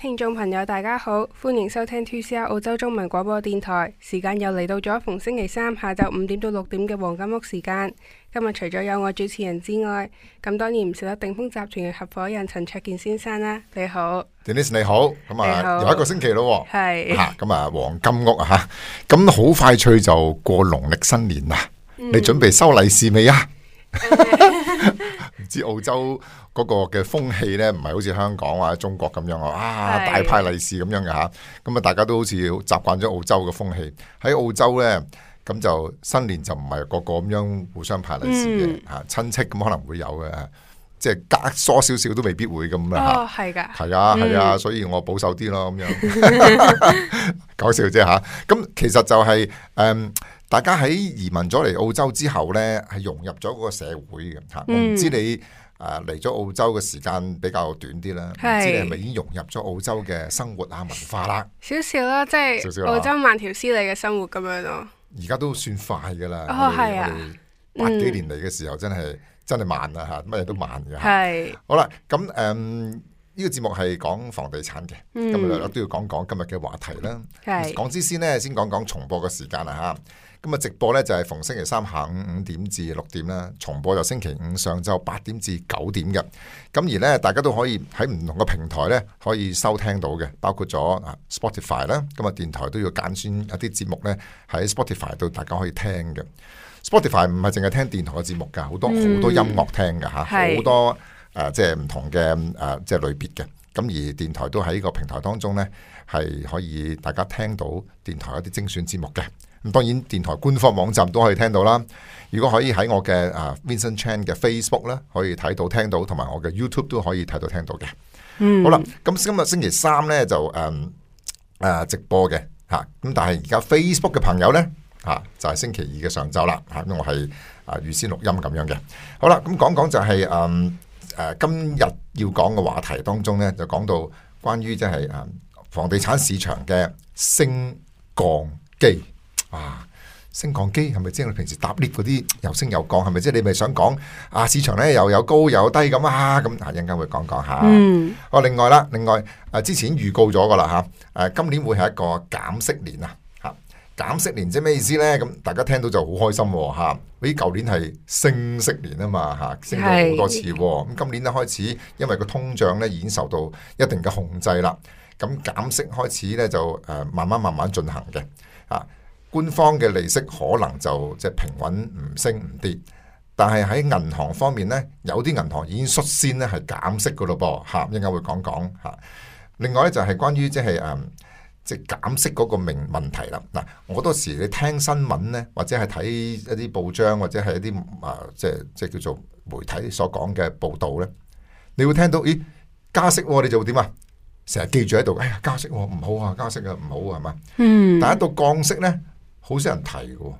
聽眾朋友，大家好，歡迎收聽 2CR 澳洲中文廣播電台，時間又嚟到咗逢星期三下晝五點到六點嘅黃金屋時間。今日除咗有我主持人之外，咁當然唔少得鼎豐集團嘅合伙人陳焯楗先生啦。你好，Denis 你好，咁啊又一個星期咯，係吓，咁啊黃金屋吓，咁好、 啊、快脆就過農曆新年啦。你準備收利是未啊？嗯 唔 知澳洲嗰個嘅風氣咧，唔係好似香港或、啊、者中國咁樣啊，啊的大派利是咁樣嘅吓，咁啊大家都好似習慣咗澳洲嘅風氣喺澳洲咧，咁就新年就唔係個個咁樣互相派利是嘅吓，親、嗯啊、戚咁可能會有嘅，即、啊、係、就是、隔疏少少都未必會咁啊吓，係噶，係啊係啊，所以我保守啲咯咁樣，啊啊、 搞笑啫吓，咁、啊、其實就係、是、誒。嗯大家喺移民咗嚟澳洲之後呢，係融入咗嗰個社會嘅吓。嗯、我唔知你誒嚟咗澳洲嘅時間比較短啲啦，唔是知你係咪已經融入咗澳洲嘅生活啊文化啦、啊？少少啦，即係澳洲慢條斯理嘅生活咁樣咯、啊。而家都算快噶啦、哦啊，我哋八幾年嚟嘅時候真係、嗯、真係慢啊吓，乜嘢都慢嘅係是好啦，咁誒呢個節目係講房地產嘅，今日都要講講今日嘅話題啦。是講之先呢，先講講重播嘅時間啊吓。咁啊直播咧就係逢星期三下午五點至六點啦，重播就星期五上晝八點至九點嘅。咁而咧，大家都可以喺唔同嘅平台咧，可以收聽到嘅，包括咗啊 Spotify 啦。咁啊電台都要揀選一啲節目咧喺 Spotify 度大家可以聽嘅。Spotify 唔係淨係聽電台嘅節目噶，好多、嗯、好多音樂聽嘅吓，是好多誒即係唔同嘅誒即係類別嘅。咁而電台都喺呢個平台當中咧，係可以大家聽到電台一啲精選節目嘅。咁當然，電台官方網站都可以聽到啦。如果可以喺我嘅啊 Vincent Chan 嘅 Facebook 咧，可以睇到聽到，同埋我嘅 YouTube 都可以睇到聽到嘅。嗯、好啦，咁今日星期三咧就誒誒、嗯啊、直播嘅嚇。咁、啊、但係而家 Facebook 嘅朋友咧嚇、啊、就係、是、星期二嘅上晝啦嚇。因為我係啊預先錄音咁樣嘅。好啦，咁講講就係誒誒今日要講嘅話題當中咧，就講到關於即係啊房地產市場嘅升降機。哇！升降機係咪即係你平時搭 lift 嗰啲又升又降係咪即係你咪想講啊？市場咧又有高又有低咁啊！咁啊，一陣間會講講吓。啊、嗯。哦，另外啦，另外啊，之前預告咗噶啦吓。誒、啊啊，今年會係一個減息年啊。吓，減息年即係咩意思咧？咁大家聽到就好開心吓、啊。啲、啊、舊年係升息年嘛啊嘛吓，升咗好多次、啊。咁是、啊、今年開始，因為個通脹咧已經受到一定嘅控制啦，咁減息開始咧就誒、啊、慢慢慢慢進行嘅。啊。官方嘅利息可能就即係平穩唔升唔跌，但係喺銀行方面咧，有啲銀行已經率先咧係減息嘅咯噃嚇，應、啊、該會講講嚇、啊。另外咧就係、是、關於即係誒即係減息嗰個問問題啦。嗱、啊，好多時你聽新聞咧，或者係睇一啲報章，或者係一啲啊即係即係叫做媒體所講嘅報導咧，你會聽到咦加息喎、啊，你做會點啊？成日記住喺度，哎呀加息唔、啊、好啊，加息啊唔好啊，係嘛？嗯。但係一到降息咧。好少人提嘅，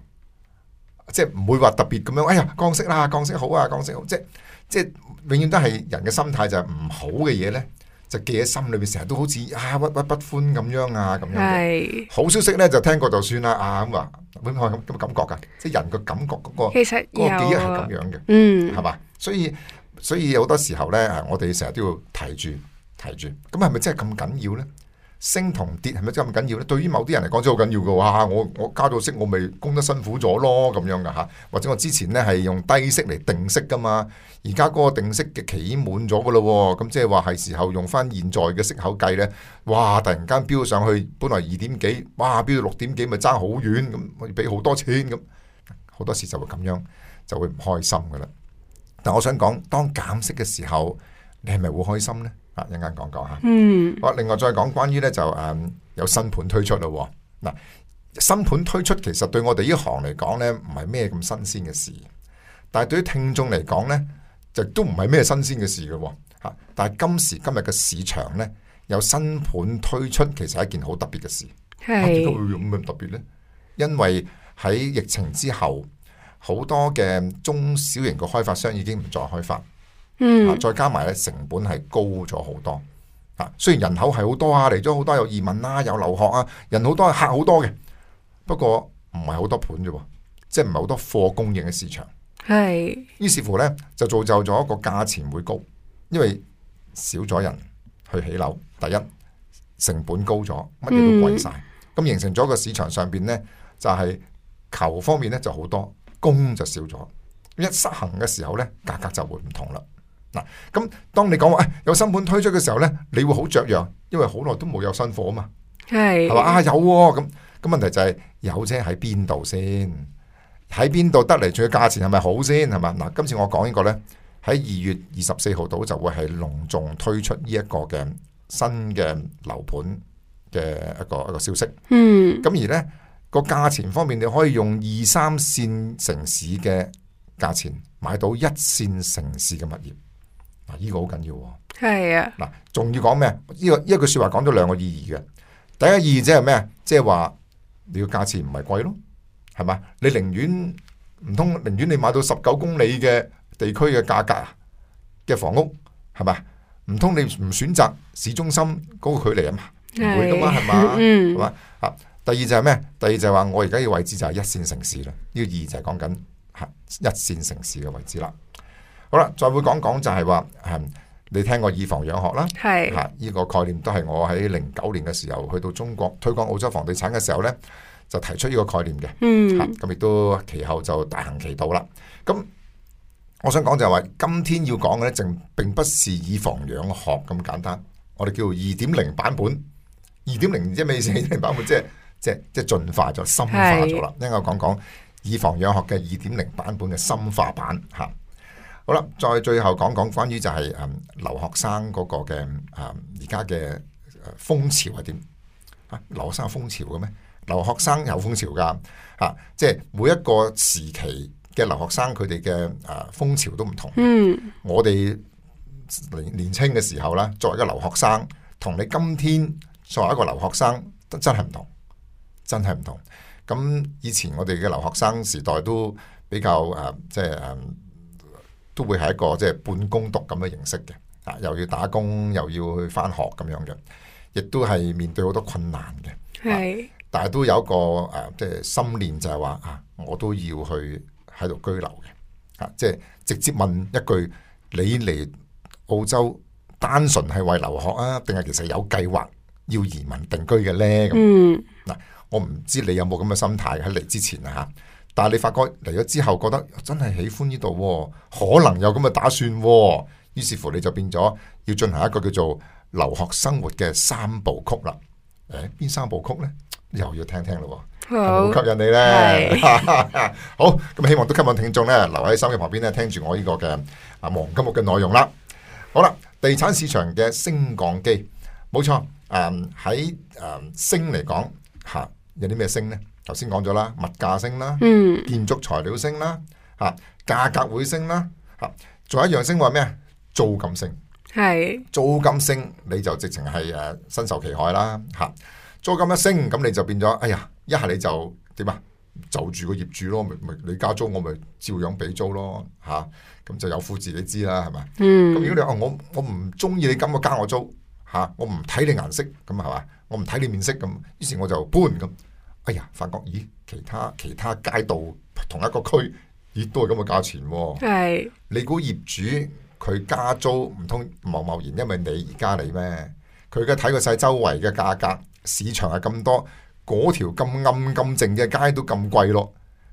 即係唔會話特別咁樣。哎呀，降息啦，降息好啊，降息好，息好即係即係永遠都係人嘅心態就係唔好嘅嘢咧，就記喺心裏邊，成日都好似啊鬱郁不歡咁樣啊，咁樣。係是好消息咧，就聽過就算啦。啊咁話，咁樣咁咁感覺噶、啊，即係人嘅感覺嗰、那個，其實個記憶係咁樣嘅。嗯，係嘛？所以所以好多時候咧，我哋成日都要提住提住，咁係咪真係咁緊要咧？升同跌係咪真咁緊要呢？對於某啲人嚟講，真係好緊要嘅喎。我我加咗息，我咪供得辛苦咗咯，咁樣嘅嚇。或者我之前呢係用低息嚟定息嘅嘛，而家嗰個定息嘅期滿咗嘅咯，咁即係話係時候用翻現在嘅息口計呢？哇！突然間飆上去，本來二點幾，哇飆到六點幾，咪爭好遠咁，要俾好多錢咁，好多時就會咁樣，就會唔開心嘅啦。但我想講，當減息嘅時候，你係咪會開心呢？啊，講講一間講講吓。嗯。好，另外再講關於咧就，誒，有新盤推出咯。嗱，新盤推出其實對我哋呢行嚟講咧，唔係咩咁新鮮嘅事。但係對於聽眾嚟講咧，就都唔係咩新鮮嘅事嘅。吓，但係今時今日嘅市場咧，有新盤推出，其實係一件好特別嘅事。係。點解會咁咁特別咧？因為喺疫情之後，好多嘅中小型嘅開發商已經唔再開發。嗯，再加埋咧，成本係高咗好多。啊，雖然人口係好多啊，嚟咗好多有移民啦、啊，有留學啊，人好多係客好多嘅。不過唔係好多盤啫，即係唔係好多貨供應嘅市場。係。於是乎呢，就造就咗一個價錢會高，因為少咗人去起樓。第一，成本高咗，乜嘢都貴晒，咁、嗯、形成咗個市場上邊呢，就係求方面呢就好多，供就少咗。一失衡嘅時候呢，價格就會唔同啦。嗱，咁當你講話、哎、有新盤推出嘅時候呢，你會好雀躍，因為好耐都冇有新貨啊嘛，係係嘛啊，有咁、哦，咁問題就係、是、有車喺邊度先，喺邊度得嚟？仲要個價錢係咪好先？係嘛？嗱，今次我講呢個呢，喺二月二十四號到就會係隆重推出呢一個嘅新嘅樓盤嘅一個一個消息。嗯，咁而呢個價錢方面，你可以用二三線城市嘅價錢買到一線城市嘅物業。呢個好緊要喎。係啊。嗱、啊，仲要講咩？呢、這個一句、這個、說話講咗兩個意義嘅。第一個意義即係咩？即係話你個價錢唔係貴咯，係嘛？你寧願唔通寧願你買到十九公里嘅地區嘅價格啊嘅房屋，係嘛？唔通你唔選擇市中心嗰個距離啊嘛？唔會噶嘛？係嘛吧？係嘛、嗯？啊！第二就係咩？第二就係話我而家嘅位置就係一線城市啦。呢、這個意義就係講緊吓一線城市嘅位置啦。好啦，再會講講就係話，嗯、你聽過以房養學啦，係呢是、啊這個概念都係我喺零九年嘅時候去到中國推廣澳洲房地產嘅時候呢，就提出呢個概念嘅。嗯，咁亦、啊、都其後就大行其道啦。咁、啊、我想講就係話，今天要講嘅呢，正並不是以房養學咁簡單，我哋叫二點零版本，二點零即係咩意思？二點版本即係即係即係進化咗、深化咗啦。聽我講講以房養學嘅二點零版本嘅深化版吓。啊好啦，再最後講講關於就係誒留學生嗰個嘅誒而家嘅風潮係點啊？留學生、嗯、風潮嘅咩、啊？留學生有風潮噶，即係每一個時期嘅留學生佢哋嘅誒風潮都唔同。嗯，我哋年年輕嘅時候咧，作為一個留學生，同你今天作為一個留學生，真真係唔同，真係唔同。咁以前我哋嘅留學生時代都比較誒，即係誒。即係啊都會係一個即係半工讀咁嘅形式嘅，啊又要打工又要去返學咁樣嘅，亦都係面對好多困難嘅。係，啊，但係都有一個誒，即係心念就係話啊，我都要去喺度居留嘅。啊，即係直接問一句，你嚟澳洲單純係為留學啊，定係其實有計劃要移民定居嘅咧？嗯，嗱，啊，我唔知你有冇咁嘅心態喺嚟之前啊。但係你發覺嚟咗之後，覺得真係喜歡呢度，可能有咁嘅打算。於是乎，你就變咗要進行一個叫做留學生活嘅三部曲啦。誒、欸，邊三部曲咧？又要聽聽咯，好是是吸引你咧。是 好，咁希望都吸引聽眾咧，留喺收音機旁邊咧，聽住我呢個嘅啊黃金屋嘅內容啦。好啦，地產市場嘅升降機，冇錯。嗯，喺誒、嗯、升嚟講，吓、啊、有啲咩升咧？頭先講咗啦，物價升啦，嗯、建築材料升啦，吓、啊、價格會升啦，吓、啊、仲有一樣升話咩？租金升，係是租金升，你就直情係誒，身、啊、受其害啦，吓、啊、租金一升，咁你就變咗，哎呀，一下你就點啊？就住個業主咯，咪咪你加租，我咪照樣俾租咯，吓、啊、咁就有苦自己知啦，係咪？嗯，咁如果你話我我唔中意你咁，我，我今加我租吓、啊，我唔睇你顏色咁係嘛，我唔睇你面色咁，於是我就搬咁。嗯哎呀，發覺咦？其他其他街道同一個區，亦都係咁嘅價錢、啊。係是你估業主佢加租，唔通貿貿然因為你而家嚟咩？佢而家睇過晒周圍嘅價格，市場係咁多，嗰條咁暗咁靜嘅街都咁貴咯。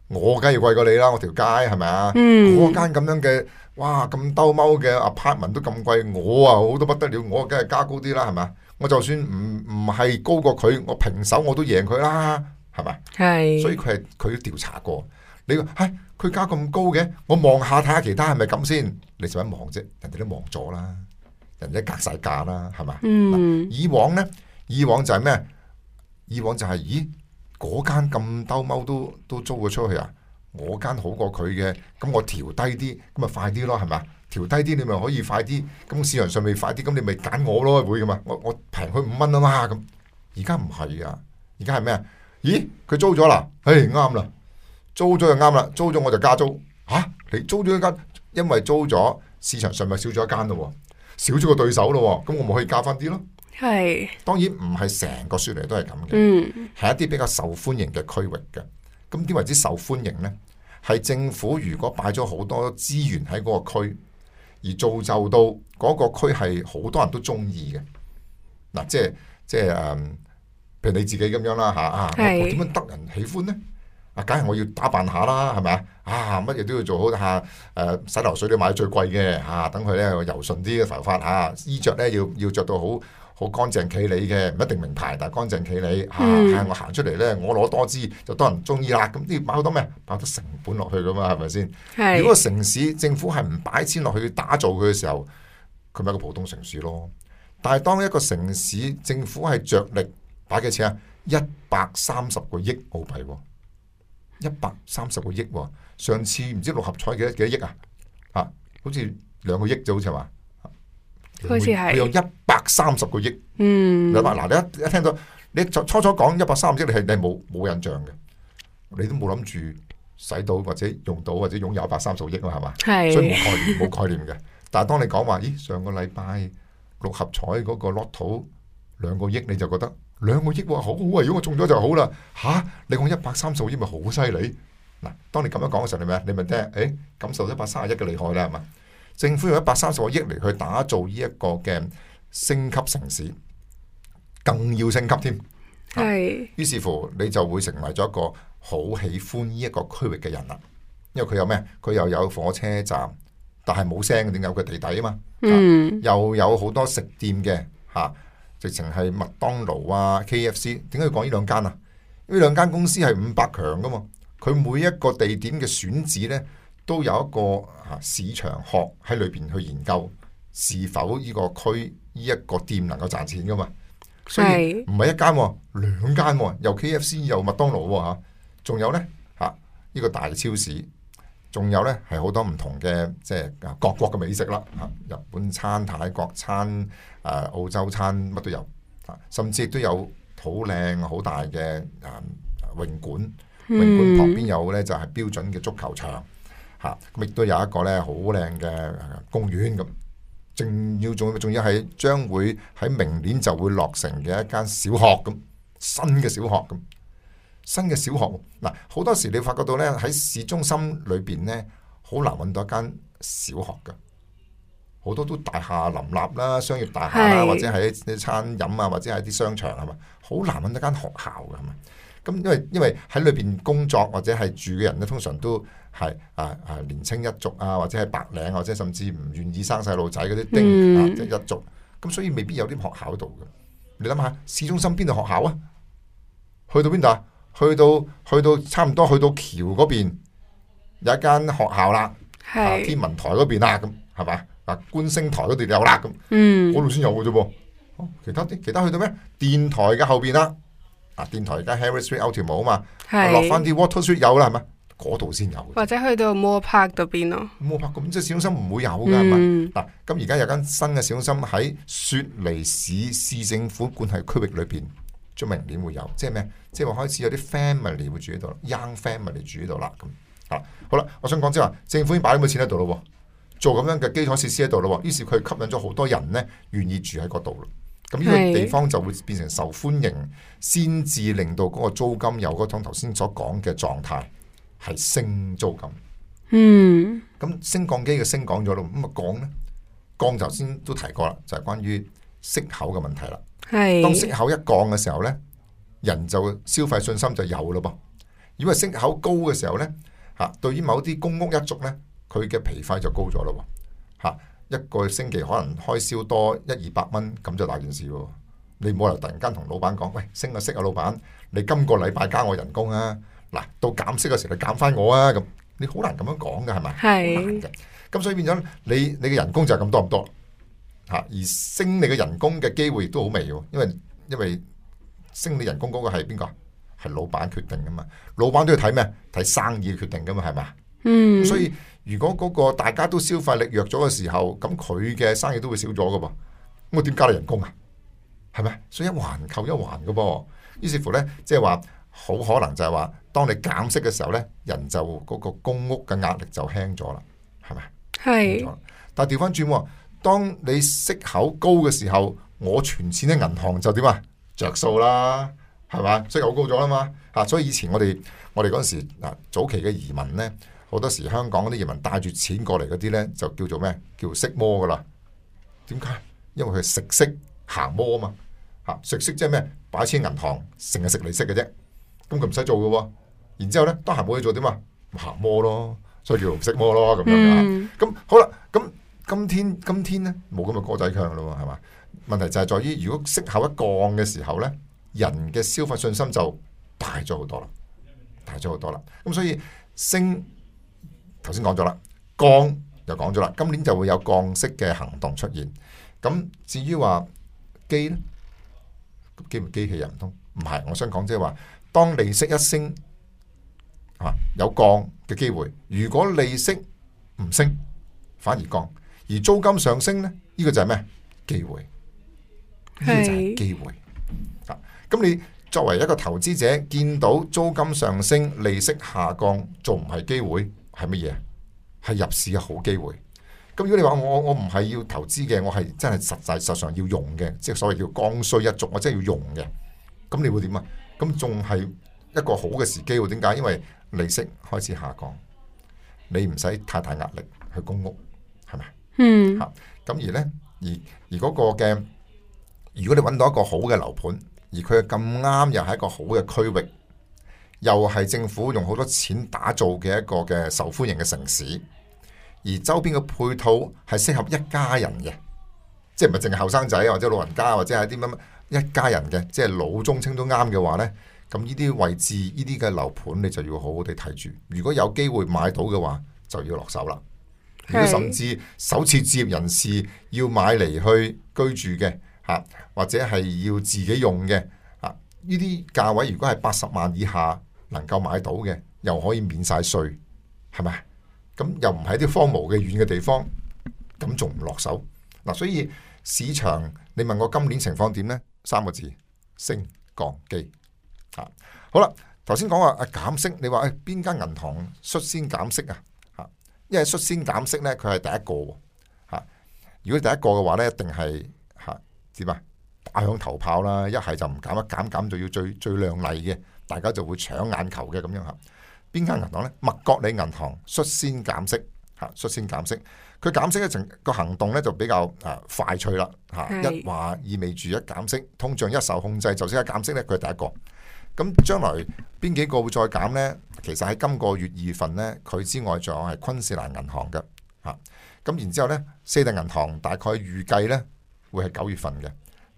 我梗係貴過你啦，我條街係咪啊？嗰間咁樣嘅，哇咁兜踎嘅 apartment 都咁貴，我啊好到不得了，我梗係加高啲啦，係咪啊？我就算唔唔係高過佢，我平手我都贏佢啦。係嘛？係，是所以佢係佢都調查過，你話，唉佢價咁高嘅，我望下睇下其他係咪咁先？你做乜望啫？人哋都望咗啦，人哋都隔晒價啦，係嘛？嗯、啊，以往咧，以往就係咩？以往就係、是，咦，嗰間咁兜踎都都租咗出去啊？我間好過佢嘅，咁我調低啲，咁咪快啲咯，係嘛？調低啲你咪可以快啲，咁市場上面快啲，咁你咪揀我咯會噶嘛？我我平佢五蚊啊嘛咁，而家唔係㗎，而家係咩啊？咦，佢租咗啦？誒，啱啦，租咗就啱啦，租咗我就加租。吓、啊，你租咗一間，因為租咗，市場上咪少咗一間咯，少咗個對手咯，咁我咪可以加翻啲咯。係是，當然唔係成個雪梨都係咁嘅，係、嗯、一啲比較受歡迎嘅區域嘅。咁點為之受歡迎咧？係政府如果擺咗好多資源喺嗰個區，而造就到嗰個區係好多人都中意嘅。嗱，即係即係誒。嗯譬如你自己咁樣啦，嚇啊，是我點樣得人喜歡咧？啊，梗係我要打扮下啦，係咪啊？啊，乜嘢都要做好下誒、啊，洗頭水都要買最貴嘅嚇，等佢咧又柔順啲嘅頭髮嚇，衣着咧要要著到好好乾淨企理嘅，唔一定名牌，但係乾淨企理嚇、嗯啊。我行出嚟咧，我攞多支，就多人中意啦。咁啲要買好多咩啊？買多成本落去噶嘛，係咪先？是如果個城市政府係唔擺錢落去打造佢嘅時候，佢咪一個普通城市咯。但係當一個城市政府係着力。擺幾錢啊？一百三十個億澳幣，哦，一百三十個億，哦。上次唔知六合彩幾多幾多億啊？啊，好似兩個億就好似話。好似係。佢有一百三十個億。嗯。嗱、啊，你一你一聽到你初初講一百三十億，你係你係冇冇印象嘅，你都冇諗住使到或者用到或者擁有一百三十億啊？係嘛？係。所以冇概念，冇 概念嘅。但係當你講話，咦，上個禮拜六合彩嗰個 lotto 兩個億，你就覺得。兩個億喎，好好啊！如果我中咗就好啦，嚇、啊！你講一百三十個億咪好犀利嗱？當你咁樣講嘅時候，你咪你咪聽，誒、哎、感受一百三十一一百三十億嘅厲害啦，係嘛的？政府用一百三十個億嚟去打造呢一個嘅升級城市，更要升級添。係、啊。是的於是乎，你就會成為咗一個好喜歡呢一個區域嘅人啦。因為佢有咩？佢又有火車站，但係冇聲，定有個地底啊嘛。啊嗯、又有好多食店嘅嚇。啊直情係麥當勞啊，K F C，點解要講呢兩間啊？呢兩間公司係五百強噶嘛，佢每一個地點嘅選址咧，都有一個啊市場學喺裏邊去研究，是否呢個區呢一個店能夠賺錢噶嘛？是所以、啊，唔係一間，兩間，又 K F C 又麥當勞吓、啊，仲有咧吓呢、啊呢個大超市。仲有呢，係好多唔同嘅即係各國嘅美食啦，啊，日本餐、泰國餐、啊澳洲餐乜都有，甚至都有好靚好大嘅泳館，泳館旁邊有呢，就係標準嘅足球場，嚇、嗯，亦都有一個呢好靚嘅公園咁。仲要仲要仲要係將會喺明年就會落成嘅一間小學咁，新嘅小學咁。新嘅小學嗱，好多時你會發覺到咧喺市中心裏邊咧，好難揾到一間小學嘅。好多都大廈林立啦，商業大廈啦，是或者喺啲餐飲啊，或者喺啲商場係嘛，好難揾到間學校嘅係嘛。咁因為因為喺裏邊工作或者係住嘅人咧，通常都係啊啊，啊年青一族啊，或者係白領，或者甚至唔願意生細路仔嗰啲丁、嗯、啊、即、一族，咁所以未必有啲學校度嘅。你諗下市中心邊度學校啊？去到邊度啊？去到去到差唔多去到橋嗰邊，有一間學校啦是、啊，天文台嗰邊啦，咁係嘛？嗱、啊，觀星台嗰度有啦，咁嗰度先有嘅啫噃。其他啲其他去到咩？電台嘅後邊啦、啊，嗱、啊，電台而家 Harry Street Outlet 冇啊嘛，落翻啲 Water Street 有啦，係嘛？嗰度先有。或者去到 Moore Park 度邊咯？Moore Park 咁即係市中心唔會有噶嘛？嗱、嗯，咁而家有間新嘅市中心喺雪梨市市政府管轄區域裏邊。將明年會有，即係咩？即係話開始有啲 family 會住喺度，young family 住喺度啦，咁啊好啦，我想講即係話政府已經擺咗啲錢喺度咯，做咁樣嘅基礎設施喺度咯，於是佢吸引咗好多人咧願意住喺嗰度啦，咁呢個地方就會變成受歡迎，先至是令到嗰個租金有嗰種頭先所講嘅狀態係升租金。嗯，咁升降機嘅升降就講咗咯，咁啊降咧？降頭先都提過啦，就係、是、關於息口嘅問題啦。當息口一降嘅時候咧，人就消費信心就有咯噃。如果息口高嘅時候咧，吓對於某啲公屋一族咧，佢嘅皮費就高咗咯。吓一個星期可能開銷多一二百蚊，咁就大件事。你冇理由突然間同老闆講，喂，升啊升啊，老闆，你今個禮拜加我人工啊。嗱，到減息嘅時候你減翻我啊。咁你好難咁樣講嘅係咪？係嘅。咁所以變咗你你嘅人工就係咁多唔多。吓，而升你嘅人工嘅機會亦都好微嘅，因為因為升你人工嗰個係邊個啊？係老闆決定噶嘛？老闆都要睇咩？睇生意決定噶嘛？係咪啊？嗯。所以如果嗰個大家都消費力弱咗嘅時候，咁佢嘅生意都會少咗嘅噃，咁我點加你人工啊？係咪？所以一環扣一環嘅噃。於是乎咧，即係話好可能就係話，當你減息嘅時候咧，人就嗰、那個公屋嘅壓力就輕咗啦，係咪？係是。但係調翻轉。當你息口高嘅時候，我存錢喺銀行就點啊？着數啦，係嘛？息口高咗啦嘛，啊！所以以前我哋我哋嗰陣時啊，早期嘅移民咧，好多時香港啲移民帶住錢過嚟嗰啲咧，就叫做咩？叫色魔噶啦。點解？因為佢係食息行魔啊嘛，吓食息即係咩？擺錢銀行成日食利息嘅啫，咁佢唔使做噶、啊。然之後咧，當係冇嘢做點啊？行魔咯，所以叫息摩咯咁樣。咁、嗯、好啦，咁。今天今天呢冇咁嘅歌仔強咯，係嘛？問題就係在於，如果息口一降嘅時候呢，人嘅消費信心就大咗好多啦，大咗好多啦。咁所以升頭先講咗啦，降又講咗啦。今年就會有降息嘅行動出現。咁至於話機呢，機唔機器人通唔係？我想講即係話，當利息一升，啊，有降嘅機會。如果利息唔升，反而降。而租金上升呢，呢、呢個就係咩機會？呢、呢個就係機會。咁是你作為一個投資者，見到租金上升、利息下降，仲唔係機會？係乜嘢？係入市嘅好機會。咁如果你話我我唔係要投資嘅，我係真係實際實際上要用嘅，即係所謂叫剛需一族，我真係要用嘅。咁你會點啊？咁仲係一個好嘅時機。點解？因為利息開始下降，你唔使太大壓力去供屋。嗯，咁、啊、而呢，而而嗰個嘅，如果你揾到一個好嘅樓盤，而佢又咁啱又係一個好嘅區域，又係政府用好多錢打造嘅一個嘅受歡迎嘅城市，而周邊嘅配套係適合一家人嘅，即係唔係淨係後生仔或者老人家，或者係啲乜乜一家人嘅，即係老中青都啱嘅話呢。咁呢啲位置呢啲嘅樓盤你就要好好地睇住，如果有機會買到嘅話，就要落手啦。如果甚至首次置業人士要買嚟去居住嘅吓，或者係要自己用嘅啊，呢啲價位如果係八十萬以下能夠買到嘅，又可以免晒稅，係咪？咁又唔喺啲荒蕪嘅遠嘅地方，咁仲唔落手？嗱，所以市場你問我今年情況點咧？三個字：升、降、機。吓，好啦，頭先講話減息，你話誒邊間銀行率先減息啊？因為率先減息咧，佢係第一個喎，如果第一個嘅話咧，一定係嚇點啊，打響頭炮啦！一係就唔減一減減就要最最亮麗嘅，大家就會搶眼球嘅咁樣嚇。邊間銀行咧？麥覺理銀行率先減息嚇，率先減息。佢減息嘅程個行動咧就比較啊快脆啦嚇。是一話意味住一減息，通脹一受控制，就即刻減息咧。佢係第一個。咁將來邊幾個會再減呢？其實喺今個月二月份呢，佢之外仲有係昆士蘭銀行嘅，咁、啊、然之後呢四大銀行大概預計呢會係九月份嘅。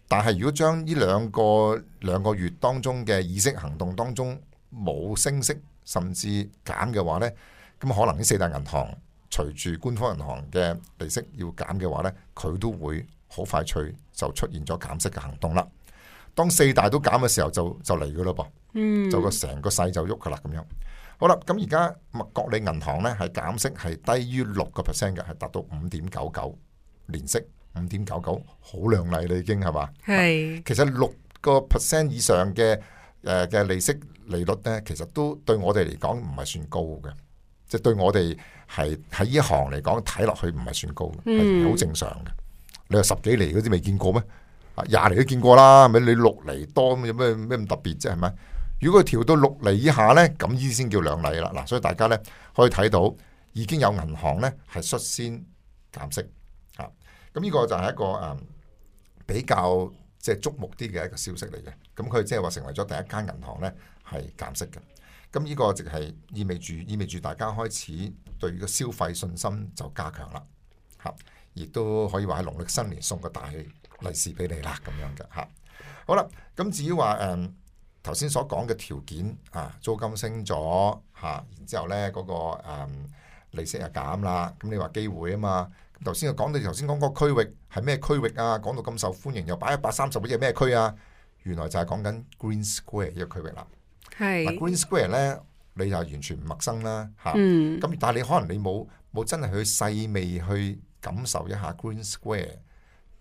但係如果將呢兩個兩個月當中嘅議息行動當中冇升息甚至減嘅話呢，咁可能呢四大銀行隨住官方銀行嘅利息要減嘅話呢，佢都會好快脆就出現咗減息嘅行動啦。當四大都減嘅時候就，就了、嗯、就嚟噶咯噃，就個成個勢就喐噶啦咁樣。好啦，咁而家麥覺理銀行咧係減息係低於六個 percent 嘅，係達到五點九九年息，五點九九好靚麗啦已經係嘛？係是其實六個 percent 以上嘅誒嘅利息利率咧，其實都對我哋嚟講唔係算高嘅，即、就、係、是、對我哋係喺呢行嚟講睇落去唔係算高嘅，係好、嗯、正常嘅。你話十幾厘嗰啲未見過咩？廿厘都見過啦，咪你六厘多咁有咩咩咁特別啫？係咪？如果調到六厘以下呢，咁呢啲先叫兩厘啦。嗱，所以大家呢，可以睇到已經有銀行呢係率先減息。咁、啊、呢個就係一個誒、嗯、比較即係矚目啲嘅一個消息嚟嘅。咁佢即係話成為咗第一間銀行呢係減息嘅。咁呢個就係意味住意味住大家開始對個消費信心就加強啦。嚇、啊，亦都可以話喺農曆新年送個大氣。利是俾你啦，咁樣嘅吓，好啦，咁至於話誒頭先所講嘅條件啊，租金升咗嚇、啊，然之後咧嗰個誒利息又減啦，咁你話機會啊嘛？頭先又講到頭先講個區域係咩區域啊？講到咁受歡迎，又擺一百三十億嘅咩區啊？原來就係講緊 Green Square 呢個區域啦。係 Green Square 咧，你就係完全唔陌生啦嚇。咁、啊嗯、但係你可能你冇冇真係去細味去感受一下 Green Square。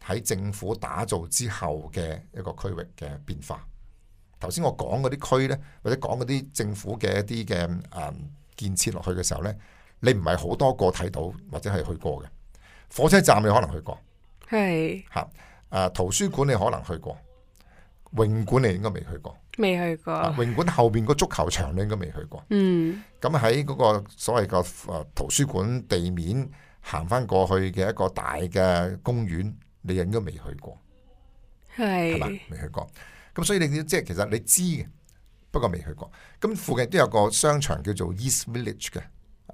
喺政府打造之後嘅一個區域嘅變化。頭先我講嗰啲區呢，或者講嗰啲政府嘅一啲嘅誒建設落去嘅時候呢，你唔係好多個睇到或者係去過嘅火車站，你可能去過係吓。誒係、啊、圖書館你可能去過，泳館你應該未去過，未去過。啊、泳館後邊個足球場你應該未去過。嗯，咁喺嗰個所謂個誒圖書館地面行返過去嘅一個大嘅公園。你應該未去過，係係嘛？未去過，咁所以你都即係其實你知嘅，不過未去過。咁附近都有個商場叫做 East Village 嘅，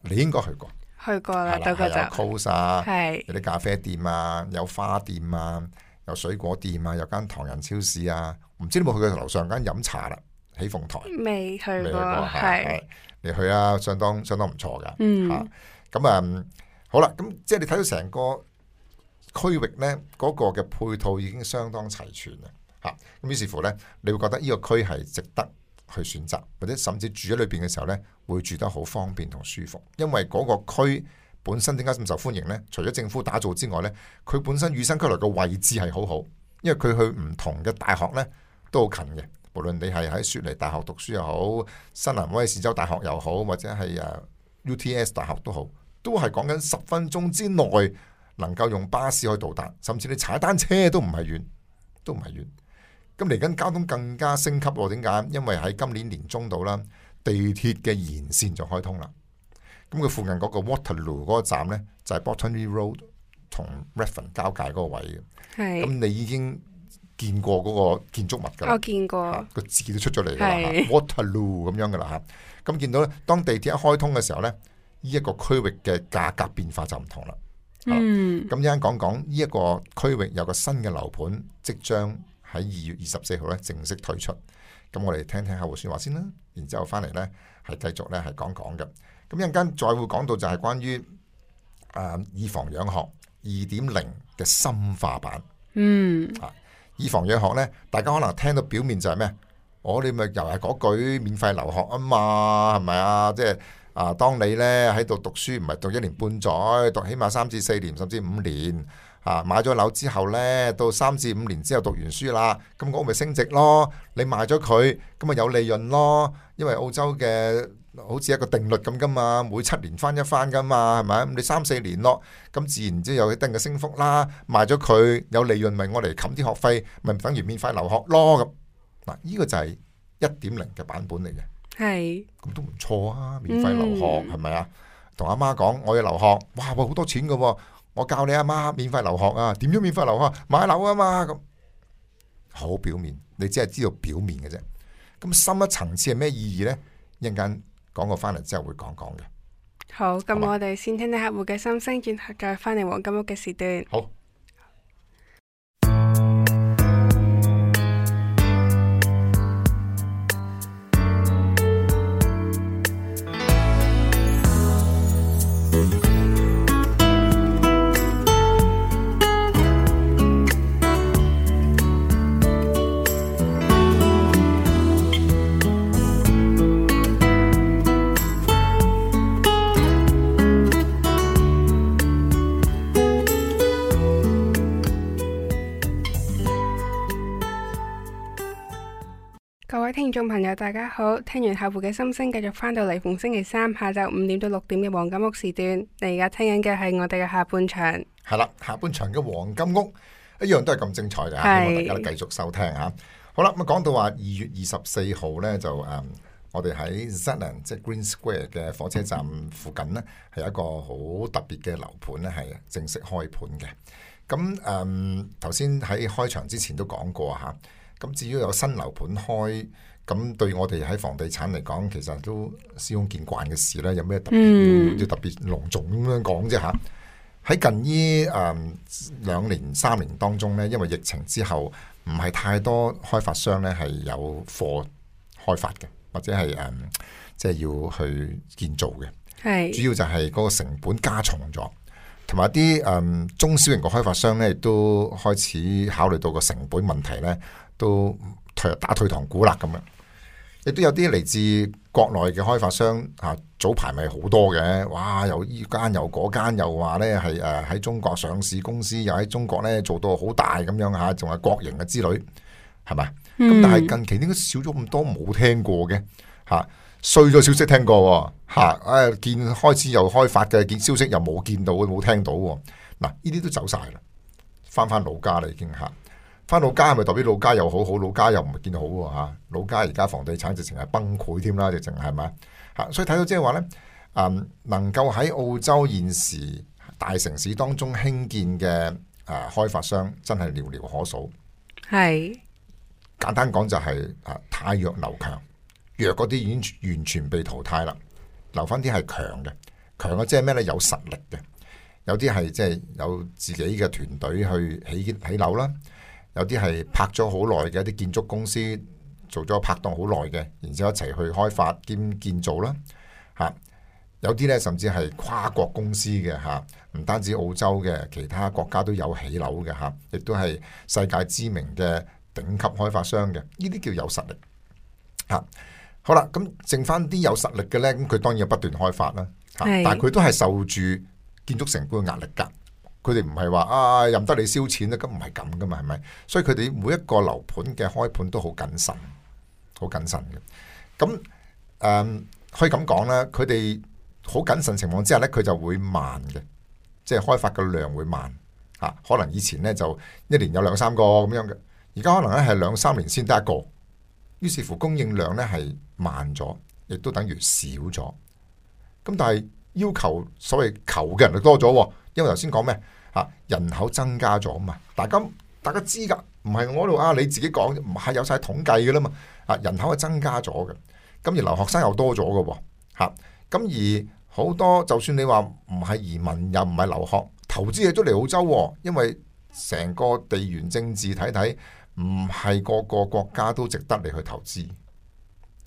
你應該去過。去過啦，嗰個的就有鋪啊，係的有啲咖啡店啊，有花店啊，有水果店啊，有間唐人超市啊。唔知你有冇去過樓上間飲茶啦？起鳳台未去過，係是你去啊！相當相當唔錯㗎、嗯。嗯，咁啊，好啦，咁即係你睇到成個區域呢嗰、那個嘅配套已經相當齊全啦，嚇、啊！咁於是乎呢，你會覺得呢個區係值得去選擇，或者甚至住喺裏邊嘅時候呢，會住得好方便同舒服。因為嗰個區本身點解咁受歡迎呢？除咗政府打造之外呢，佢本身與生俱來嘅位置係好好，因為佢去唔同嘅大學呢都好近嘅。無論你係喺雪梨大學讀書又好，新南威士州大學又好，或者係誒 UTS 大學都好，都係講緊十分鐘之內。能夠用巴士可以到達，甚至你踩單車都唔係遠，都唔係遠。咁嚟緊交通更加升級喎？點解？因為喺今年年中到啦，地鐵嘅延線就開通啦。咁佢附近嗰個 Waterloo 嗰個站咧，就係、是、Botany Road 同 Redfern 交界嗰個位嘅。咁是你已經見過嗰個建築物㗎啦。我見過。個字都出咗嚟啦是，Waterloo 咁樣嘅啦嚇。咁見到咧，當地鐵一開通嘅時候咧，呢、這、一個區域嘅價格變化就唔同啦。嗯，咁一陣講講呢一個區域有個新嘅樓盤，即將喺二月二十四號咧正式推出。咁我哋聽聽客戶說話先啦，然之後翻嚟咧係繼續咧係講講嘅。咁一陣間再會講到就係關於誒、啊、以房養學二點零嘅深化版。嗯，啊以房養學咧，大家可能聽到表面就係咩？我哋咪又係嗰句免費留學啊嘛，係咪啊？即係。啊，當你呢喺度讀書，唔係讀一年半載，讀起碼三至四年，甚至五年。啊，買咗樓之後呢，到三至五年之後讀完書啦，咁嗰咪升值咯，你賣咗佢，咁咪有利潤咯。因為澳洲嘅好似一個定律咁噶嘛，每七年翻一翻噶嘛，係咪？你三四年咯，咁自然就有一定嘅升幅啦。賣咗佢有利潤，咪我嚟冚啲學費，咪等於免費留學咯咁。嗱，依、啊呢個就係一點零嘅版本嚟嘅。係，咁是都唔錯啊！免費留學係咪啊？同阿媽講我要留學，哇，好多錢㗎！我教你阿媽免費留學啊，點樣免費留學？買樓啊嘛咁。好，好表面，你只係知道表面嘅啫。咁深一層次係咩意義呢？一陣間講過翻嚟之後會講講嘅。好，咁我哋先聽聽客戶嘅心聲，然後再翻嚟黃金屋嘅時段。好。觀眾朋友，大家好！聽完客戶嘅心聲，繼續翻到嚟，逢星期三下晝五點到六點嘅黃金屋時段。你而家聽緊嘅係我哋嘅下半場。係啦，下半場嘅黃金屋一樣都係咁精彩嘅，的希望大家都繼續收聽吓。好啦，咁講到話二月二十四號呢，就誒，我哋喺 Zetland 即 Green Square 嘅火車站附近呢，係一個好特別嘅樓盤呢係正式開盤嘅。咁誒，頭先喺開場之前都講過吓。咁至於有新樓盤開。咁對我哋喺房地產嚟講，其實都司空見慣嘅事啦。有咩特別要、嗯、特別隆重咁樣講啫？吓，喺近呢誒兩年三年當中咧，因為疫情之後，唔係太多開發商咧係有貨開發嘅，或者係誒即係要去建造嘅。係是主要就係嗰個成本加重咗，同埋啲誒中小型嘅開發商咧，亦都開始考慮到個成本問題咧，都退打退堂鼓啦咁樣。亦都有啲嚟自國內嘅開發商，吓早排咪好多嘅，哇！又依間又嗰間，又話咧係誒喺中國上市公司，又喺中國咧做到好大咁樣吓，仲係國營嘅之類，係咪？咁、嗯、但係近期點解少咗咁多冇聽過嘅吓？衰咗消息聽過吓，誒、啊、見開始又開發嘅，見消息又冇見到，冇聽到的。嗱，呢啲都走晒啦，翻翻老家啦已經吓。翻老家係咪代表老家又好好？老家又唔見到好喎、啊、老家而家房地產直情係崩潰添啦，直情係咪？嚇！所以睇到即係話咧，誒、嗯、能夠喺澳洲現時大城市當中興建嘅誒、啊、開發商真係寥寥可數。係是簡單講就係、是、誒、啊、太弱留強，弱嗰啲已經完全被淘汰啦，留翻啲係強嘅，強嘅即係咩咧？有實力嘅，有啲係即係有自己嘅團隊去起起樓啦。有啲係拍咗好耐嘅，一啲建築公司做咗拍檔好耐嘅，然之後一齊去開發兼建造啦。嚇，有啲咧甚至係跨國公司嘅嚇，唔單止澳洲嘅，其他國家都有起樓嘅嚇，亦都係世界知名嘅頂級開發商嘅，呢啲叫有實力。嚇，好啦，咁剩翻啲有實力嘅咧，咁佢當然不斷開發啦。係是，但係佢都係受住建築成本嘅壓力㗎。佢哋唔係話啊任得你燒錢啦，咁唔係咁噶嘛，係咪？所以佢哋每一個樓盤嘅開盤都好謹慎，好謹慎嘅。咁誒、嗯、可以咁講啦，佢哋好謹慎情況之下咧，佢就會慢嘅，即係開發嘅量會慢。吓、啊，可能以前咧就一年有兩三個咁樣嘅，而家可能咧係兩三年先得一個。於是乎，供應量咧係慢咗，亦都等於少咗。咁但係要求所謂求嘅人就多咗。因為頭先講咩啊？人口增加咗嘛？大家大家知㗎，唔係我喺度啊，你自己講唔係有晒統計㗎啦嘛啊！人口係增加咗嘅，咁而留學生又多咗嘅喎嚇。咁而好多就算你話唔係移民又唔係留學投資嘅都嚟澳洲，因為成個地緣政治睇睇，唔係個個國家都值得你去投資，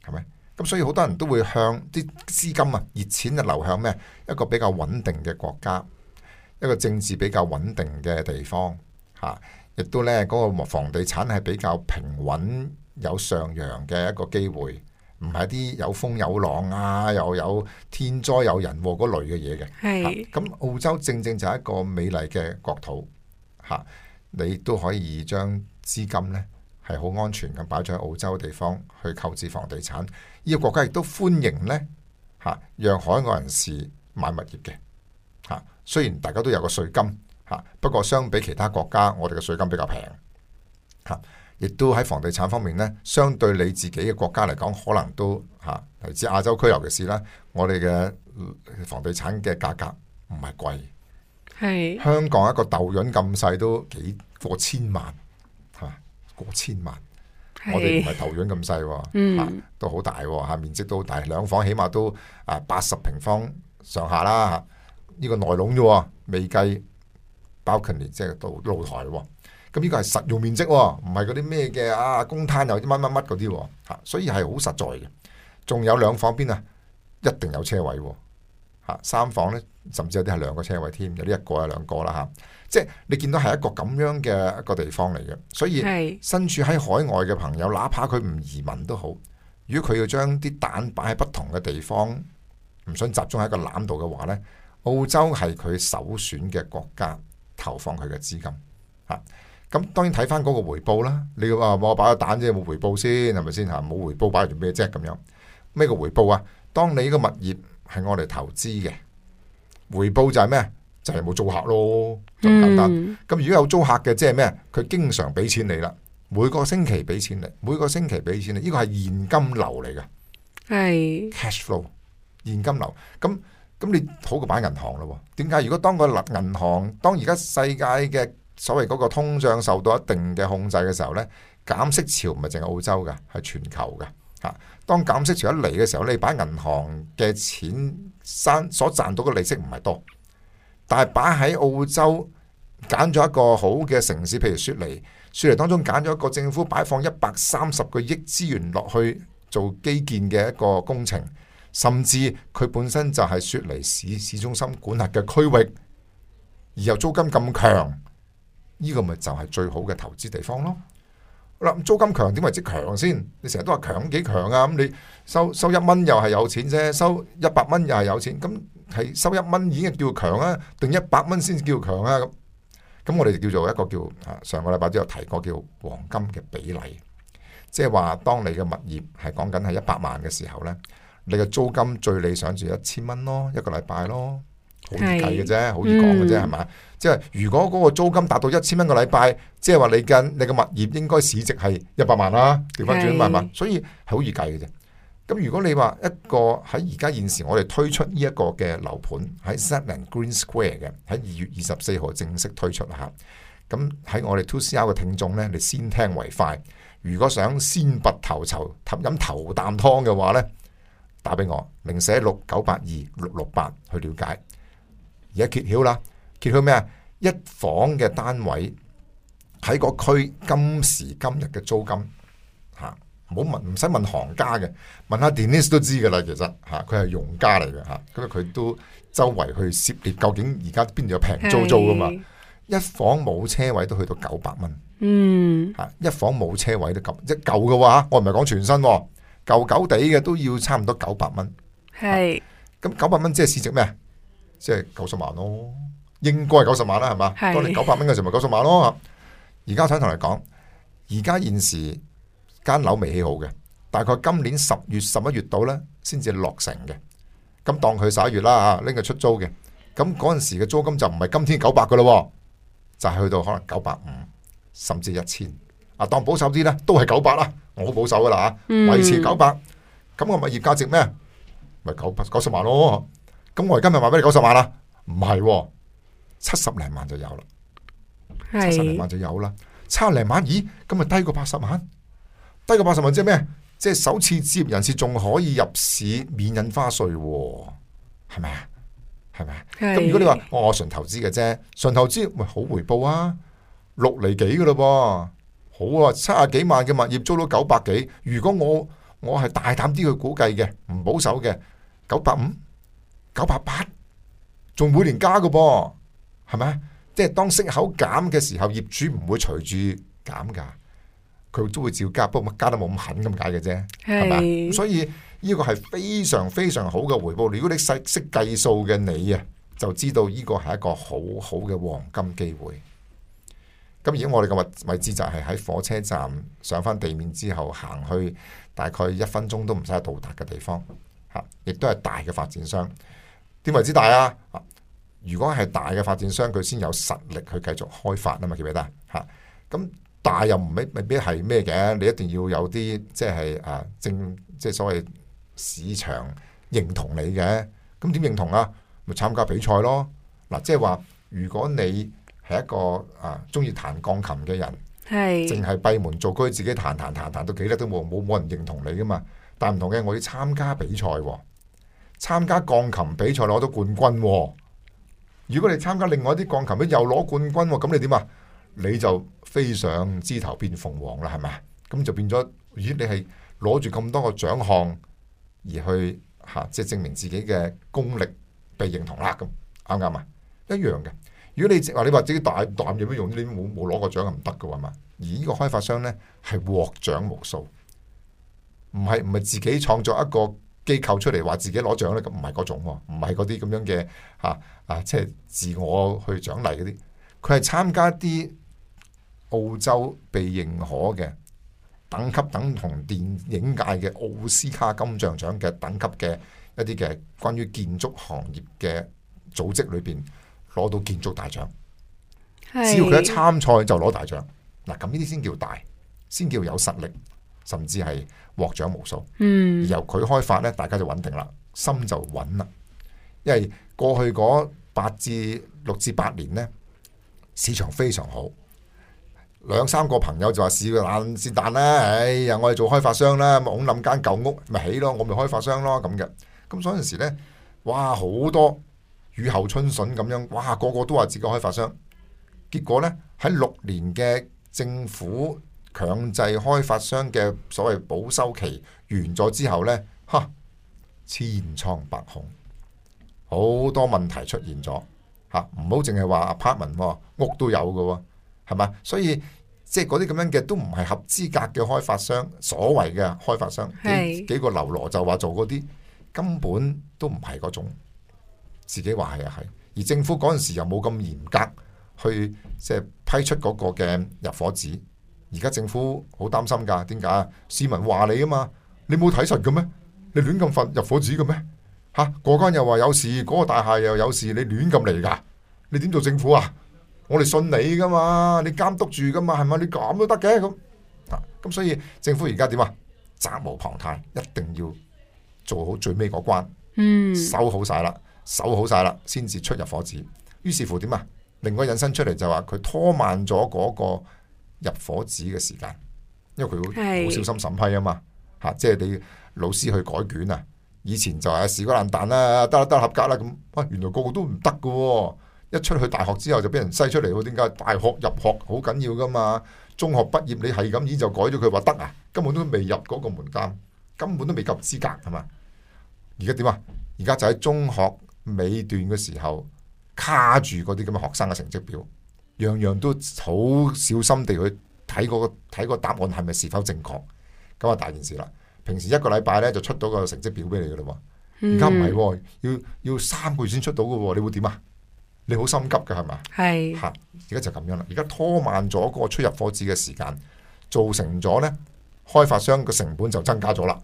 係咪？咁所以好多人都會向啲資金啊熱錢就流向咩一個比較穩定嘅國家。一個政治比較穩定嘅地方，吓，亦都咧嗰個房地產係比較平穩有上揚嘅一個機會，唔係啲有風有浪啊，又有天災有人禍，嗰類嘅嘢嘅。咁是、啊、澳洲正正就係一個美麗嘅國土，吓、啊，你都可以將資金咧係好安全咁擺在澳洲的地方去購置房地產，呢、這個國家亦都歡迎咧吓、啊，讓海外人士買物業嘅。雖然大家都有個稅金嚇，不過相比其他國家，我哋嘅稅金比較平嚇，亦都喺房地產方面呢相對你自己嘅國家嚟講，可能都嚇嚟自亞洲區尤其是啦，我哋嘅房地產嘅價格唔係貴。係是香港一個豆卵豆潤咁細都幾過千萬係嘛？過千萬，是我哋唔係豆潤咁細，嗯，都好大嚇，面積都大，兩房起碼都啊八十平方上下啦。呢個內籠啫喎，未計 balcony 即係到露台喎。咁呢個係實用面積喎，唔係嗰啲咩嘅啊公攤又乜乜乜嗰啲喎。所以係好實在嘅。仲有兩房邊啊，一定有車位喎、啊、三房咧，甚至有啲係兩個車位添，有啲一個啊兩個啦吓、啊，即係你見到係一個咁樣嘅一個地方嚟嘅，所以身處喺海外嘅朋友，哪怕佢唔移民都好，如果佢要將啲蛋擺喺不同嘅地方，唔想集中喺一個籃度嘅話咧。澳洲係佢首選嘅國家投放佢嘅資金，吓、啊、咁當然睇翻嗰個回報啦。你要話我擺個蛋啫，有冇回報先係咪先吓？冇回報擺住咩啫咁樣？咩個回報啊？當你呢個物業係我哋投資嘅回報就係咩？就係、是、冇租客咯咁簡單。咁、嗯、如果有租客嘅，即係咩？佢經常俾錢你啦，每個星期俾錢你，每個星期俾錢你，呢個係現金流嚟嘅，係是 cash flow 現金流咁。咁你好過擺銀行咯？點解？如果當個銀行，當而家世界嘅所謂嗰個通脹受到一定嘅控制嘅時候呢，減息潮唔係淨係澳洲噶，係全球噶。吓，當減息潮一嚟嘅時候，你擺銀行嘅錢生所賺到嘅利息唔係多，但係擺喺澳洲揀咗一個好嘅城市，譬如雪梨，雪梨當中揀咗一個政府擺放一百三十個億資源落去做基建嘅一個工程。甚至佢本身就係雪梨市市中心管轄嘅區域，而又租金咁強，呢個咪就係最好嘅投資地方咯。租金強點為之強先？你成日都話強幾強啊？咁你收收一蚊又係有錢啫，收一百蚊又係有錢，咁係收一蚊已經叫強啊，定一百蚊先叫強啊？咁咁我哋就叫做一個叫啊，上個禮拜都有提過叫黃金嘅比例，即係話當你嘅物業係講緊係一百萬嘅時候呢。你嘅租金最理想住一千蚊咯，一個禮拜咯，好易計嘅啫，好易講嘅啫，係咪？即係如果嗰個租金達到一千蚊個禮拜，即係話你間你個物業應該市值係一百萬啦，掉翻轉一百萬，所以好易計嘅啫。咁如果你話一個喺而家現時我哋推出呢一個嘅樓盤喺 Zetland Green Square 嘅，喺二月二十四號正式推出吓。咁喺我哋 2CR 嘅聽眾呢，你先聽為快。如果想先拔頭籌，飲頭啖湯嘅話呢。打俾我，明寫六九八二六六八去了解。而家揭曉啦，揭曉咩啊？一房嘅單位喺個區今時今日嘅租金吓，唔、啊、好問，唔使問行家嘅，問下 Dennis 都知噶啦。其實吓，佢係用家嚟嘅吓，咁、啊、佢都周圍去涉獵，究竟而家邊度有平租租噶嘛？是一房冇車位都去到九百蚊，嗯，吓、啊、一房冇車位都咁，一舊嘅話，我唔係講全新、哦。舊舊地嘅都要差唔多九百蚊，係是，咁九百蚊即係市值咩？即係九十萬咯，應該九十萬啦，係嘛？當你九百蚊嘅時咪九十萬咯。而家想同你講，而家現時間樓未起好嘅，大概今年十月十一月到咧，先至落成嘅。咁當佢十一月啦吓，拎佢出租嘅，咁嗰陣時嘅租金就唔係今天九百噶咯，就係、是、去到可能九百五，甚至一千。啊，當保守啲咧，都係九百啦，我保守噶啦吓，維持九百，嗯。咁個物業價值咩？咪九百九十萬咯。咁我而家咪話俾你九十萬啦，唔係，七十零萬就有啦，七十零萬就有啦，七十零萬咦？咁咪低過八十萬？低過八十萬即係咩？即係首次置業人士仲可以入市免印花稅，哦，係咪啊？係咪啊？咁是，如果你話我純投資嘅啫，純投資喂好回報啊，六厘幾噶咯噃。好啊，七十幾萬嘅物業租到九百幾。如果我我係大膽啲去估計嘅，唔保守嘅，九百五、九百八，仲每年加嘅噃，係咪？即係當息口減嘅時候，業主唔會隨住減噶，佢都會照加，不過加得冇咁狠咁解嘅啫，係嘛是？所以呢個係非常非常好嘅回報。如果你識識計數嘅你啊，就知道呢個係一個好好嘅黃金機會。咁而家我哋嘅位置就係喺火車站上返地面之後行去大概一分鐘都唔使到達嘅地方吓，亦都係大嘅發展商。點為之大啊？如果係大嘅發展商，佢先有實力去繼續開發啊嘛，記唔記得吓？咁大又唔咪未必係咩嘅，你一定要有啲即係誒、啊、正即係所謂市場認同你嘅。咁點認同啊？咪參加比賽咯？嗱、啊，即係話如果你係一個啊，中意彈鋼琴嘅人，淨係閉門造居，自己彈彈彈彈到幾叻都冇，冇冇人認同你噶嘛？但唔同嘅，我要參加比賽、哦，參加鋼琴比賽攞到冠軍、哦。如果你參加另外一啲鋼琴，又攞冠軍、哦，咁你點啊？你就飛上枝頭變鳳凰啦，係咪？咁就變咗，咦？你係攞住咁多個獎項而去吓、啊，即係證明自己嘅功力被認同啦，咁啱唔啱啊？一樣嘅。如果你直話你話自己大膽有乜用？你冇冇攞過獎係唔得嘅喎，係嘛？而呢個開發商呢，係獲獎無數，唔係唔係自己創作一個機構出嚟話自己攞獎呢，咁唔係嗰種喎，唔係嗰啲咁樣嘅嚇啊，啊！即係自我去獎勵嗰啲，佢係參加啲澳洲被認可嘅等級，等同電影界嘅奧斯卡金像獎嘅等級嘅一啲嘅關於建築行業嘅組織裏邊。攞到建築大獎，只要佢一參賽就攞大獎，嗱，咁呢啲先叫大，先叫有實力，甚至係獲獎無數。嗯，而由佢開發呢，大家就穩定啦，心就穩啦。因為過去嗰八至六至八年呢，市場非常好，兩三個朋友就話是但，是但啦，哎呀，我哋做開發商啦，啊，咪拱冧間舊屋咪起咯，我咪開發商咯咁嘅。咁所以嗰陣時呢，哇，好多。雨後春筍咁樣，哇！個個都話自己開發商，結果呢，喺六年嘅政府強制開發商嘅所謂保修期完咗之後呢，嚇千瘡百孔，好多問題出現咗嚇。唔好淨係話 apartment 屋都有嘅喎，係嘛？所以即係嗰啲咁樣嘅都唔係合資格嘅開發商，所謂嘅開發商，是幾幾個流羅就話做嗰啲根本都唔係嗰種。自己話係啊係，而政府嗰陣時又冇咁嚴格去即係批出嗰個嘅入伙紙。而家政府好擔心㗎，點解啊？市民話你啊嘛，你冇睇實嘅咩？你亂咁發入伙紙嘅咩？嚇、啊，嗰間又話有事，嗰、嗰個大廈又有事，你亂咁嚟㗎，你點做政府啊？我哋信你㗎嘛，你監督住㗎嘛，係咪？你咁都得嘅咁啊？咁所以政府而家點啊？責無旁貸，一定要做好最尾嗰關，嗯、收好晒啦。守好晒啦，先至出入伙紙。於是乎點啊？另外引申出嚟就話、是、佢拖慢咗嗰個入伙紙嘅時間，因為佢會好小心審批啊嘛。吓是、啊，即係你老師去改卷啊。以前就係屎滾爛蛋啦，得啦得啦合格啦咁。哇、啊，原來個個都唔得噶，一出去大學之後就俾人篩出嚟。點解大學入學好緊要噶嘛？中學畢業你係咁，依就改咗佢話得啊，根本都未入嗰個門檻，根本都未夠資格係嘛？而家點啊？而家就喺中學。尾段嘅時候，卡住嗰啲咁嘅學生嘅成績表，樣樣都好小心地去睇嗰個，睇個答案係咪是否正確？咁啊大件事啦！平時一個禮拜咧就出到個成績表俾你噶啦，而家唔係，要要三個月先出到噶，你會點啊？你好心急嘅係嘛？係吓，而家是就咁樣啦。而家拖慢咗個出入貨紙嘅時間，造成咗咧開發商嘅成本就增加咗啦。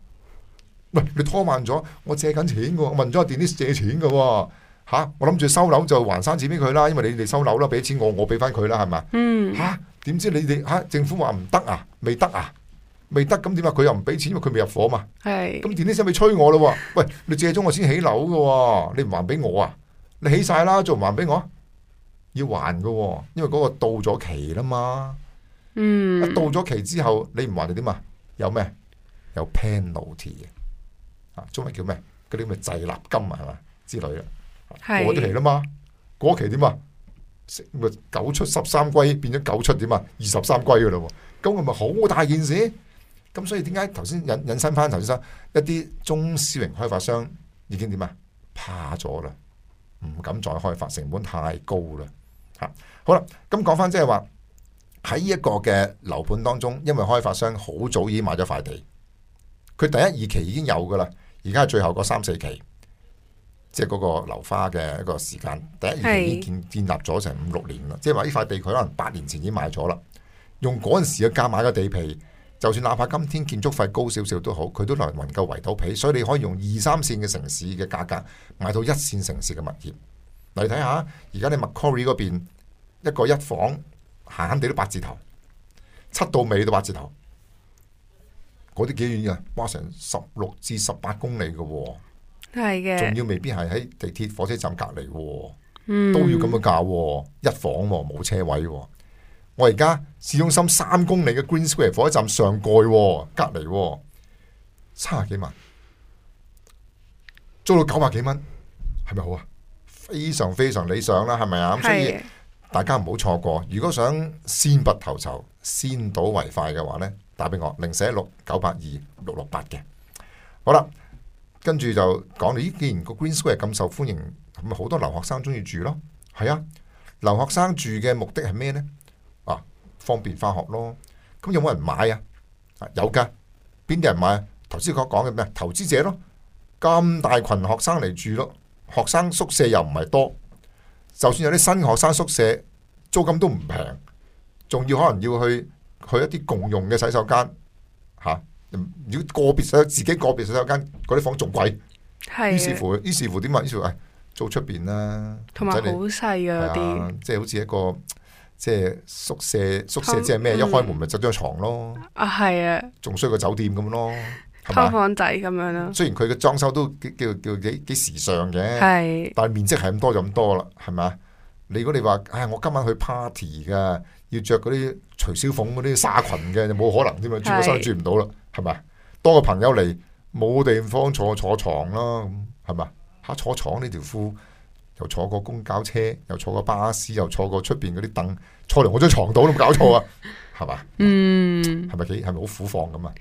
喂，你拖慢咗，我借緊錢嘅，我問咗阿電呢借錢嘅，吓、啊，我諗住收樓就還三錢俾佢啦，因為你哋收樓啦，俾錢我，我俾翻佢啦，係咪？嗯，吓、啊，點知你哋吓、啊、政府話唔得啊，未得啊，未得，咁點啊？佢又唔俾錢，因為佢未入伙嘛。係是，咁電呢聲咪催我咯？ 喂，你借咗我先起樓嘅，你唔還俾我啊？你起晒啦，仲唔還俾我？要還嘅，因為嗰個到咗期啦嘛。嗯，一到咗期之後，你唔還就點啊？有咩？有 penalty 嘅。中文叫咩？嗰啲咁嘅滯納金係嘛之類啊，是過咗期啦嘛，過期點啊？咪九出十三歸，變咗九出點啊？二十三歸噶咯喎，咁係咪好大件事？咁所以點解頭先引引申翻頭先，一啲中小型開發商已經點啊？怕咗啦，唔敢再開發，成本太高啦。吓，好啦，咁講翻即係話喺呢一個嘅樓盤當中，因為開發商好早已經買咗塊地，佢第一二期已經有噶啦。而家係最後嗰三四期，即係嗰個樓花嘅一個時間，第一年已經建建立咗成五六年啦。是即係話呢塊地佢可能八年前已經買咗啦，用嗰陣時嘅價買個地皮，就算哪怕今天建築費高少少都好，佢都能能夠圍到皮。所以你可以用二三線嘅城市嘅價格買到一線城市嘅物業。你睇下，而家你 Macquarie 嗰邊一個一房，閒閒地都八字頭，七到尾都八字頭。嗰啲幾遠嘅，花成十六至十八公里嘅，哦，係嘅的，仲要未必係喺地鐵火車站隔籬，哦，嗯，都要咁嘅價，一房冇，哦、車位、哦，我而家市中心三公里嘅 Green Square 火車站上蓋隔籬，七十幾、哦、萬，租到九百幾蚊，係咪好啊？非常非常理想啦，係咪啊？是是啊的所以大家唔好錯過，如果想先拔頭籌、先睹為快嘅話咧。打俾我零四一六九八二六六八嘅，好啦，跟住就講啦。咦，既然個 Green Square 咁受歡迎，咁咪好多留學生中意住咯，係啊，留學生住嘅目的係咩呢？啊，方便返學咯。咁有冇人買啊？有噶。邊啲人買啊？頭先講講嘅咩？投資者咯。咁大群學生嚟住咯，學生宿舍又唔係多，就算有啲新學生宿舍，租金都唔平，仲要可能要去。去一啲共用嘅洗手間，吓、啊，如果個別洗手間，自己個別洗手間，嗰啲房仲貴。係。於是乎，於是乎點、哎、啊？於是乎租出邊啦。同、就、埋、是、好細啊啲。即係好似一個即係、就是、宿舍，宿舍即係咩？嗯、一開門咪就張床咯。啊，係啊。仲衰過酒店咁咯。劏房仔咁樣咯。樣啊、雖然佢嘅裝修都叫叫幾幾，幾時尚嘅，係。但係面積係咁多就咁多啦，係嘛？你如果你話唉、哎，我今晚去 party 噶。要着嗰啲徐小鳳嗰啲紗裙嘅，就冇可能啫嘛，住都真係住唔到啦，係咪是？多個朋友嚟，冇地方坐坐床咯，係咪？吓坐床呢條褲又坐過公交車，又坐過巴士，又坐過出邊嗰啲凳，坐嚟我張床度都冇搞錯啊，係嘛 吧？嗯，係咪幾係咪好苦況咁啊？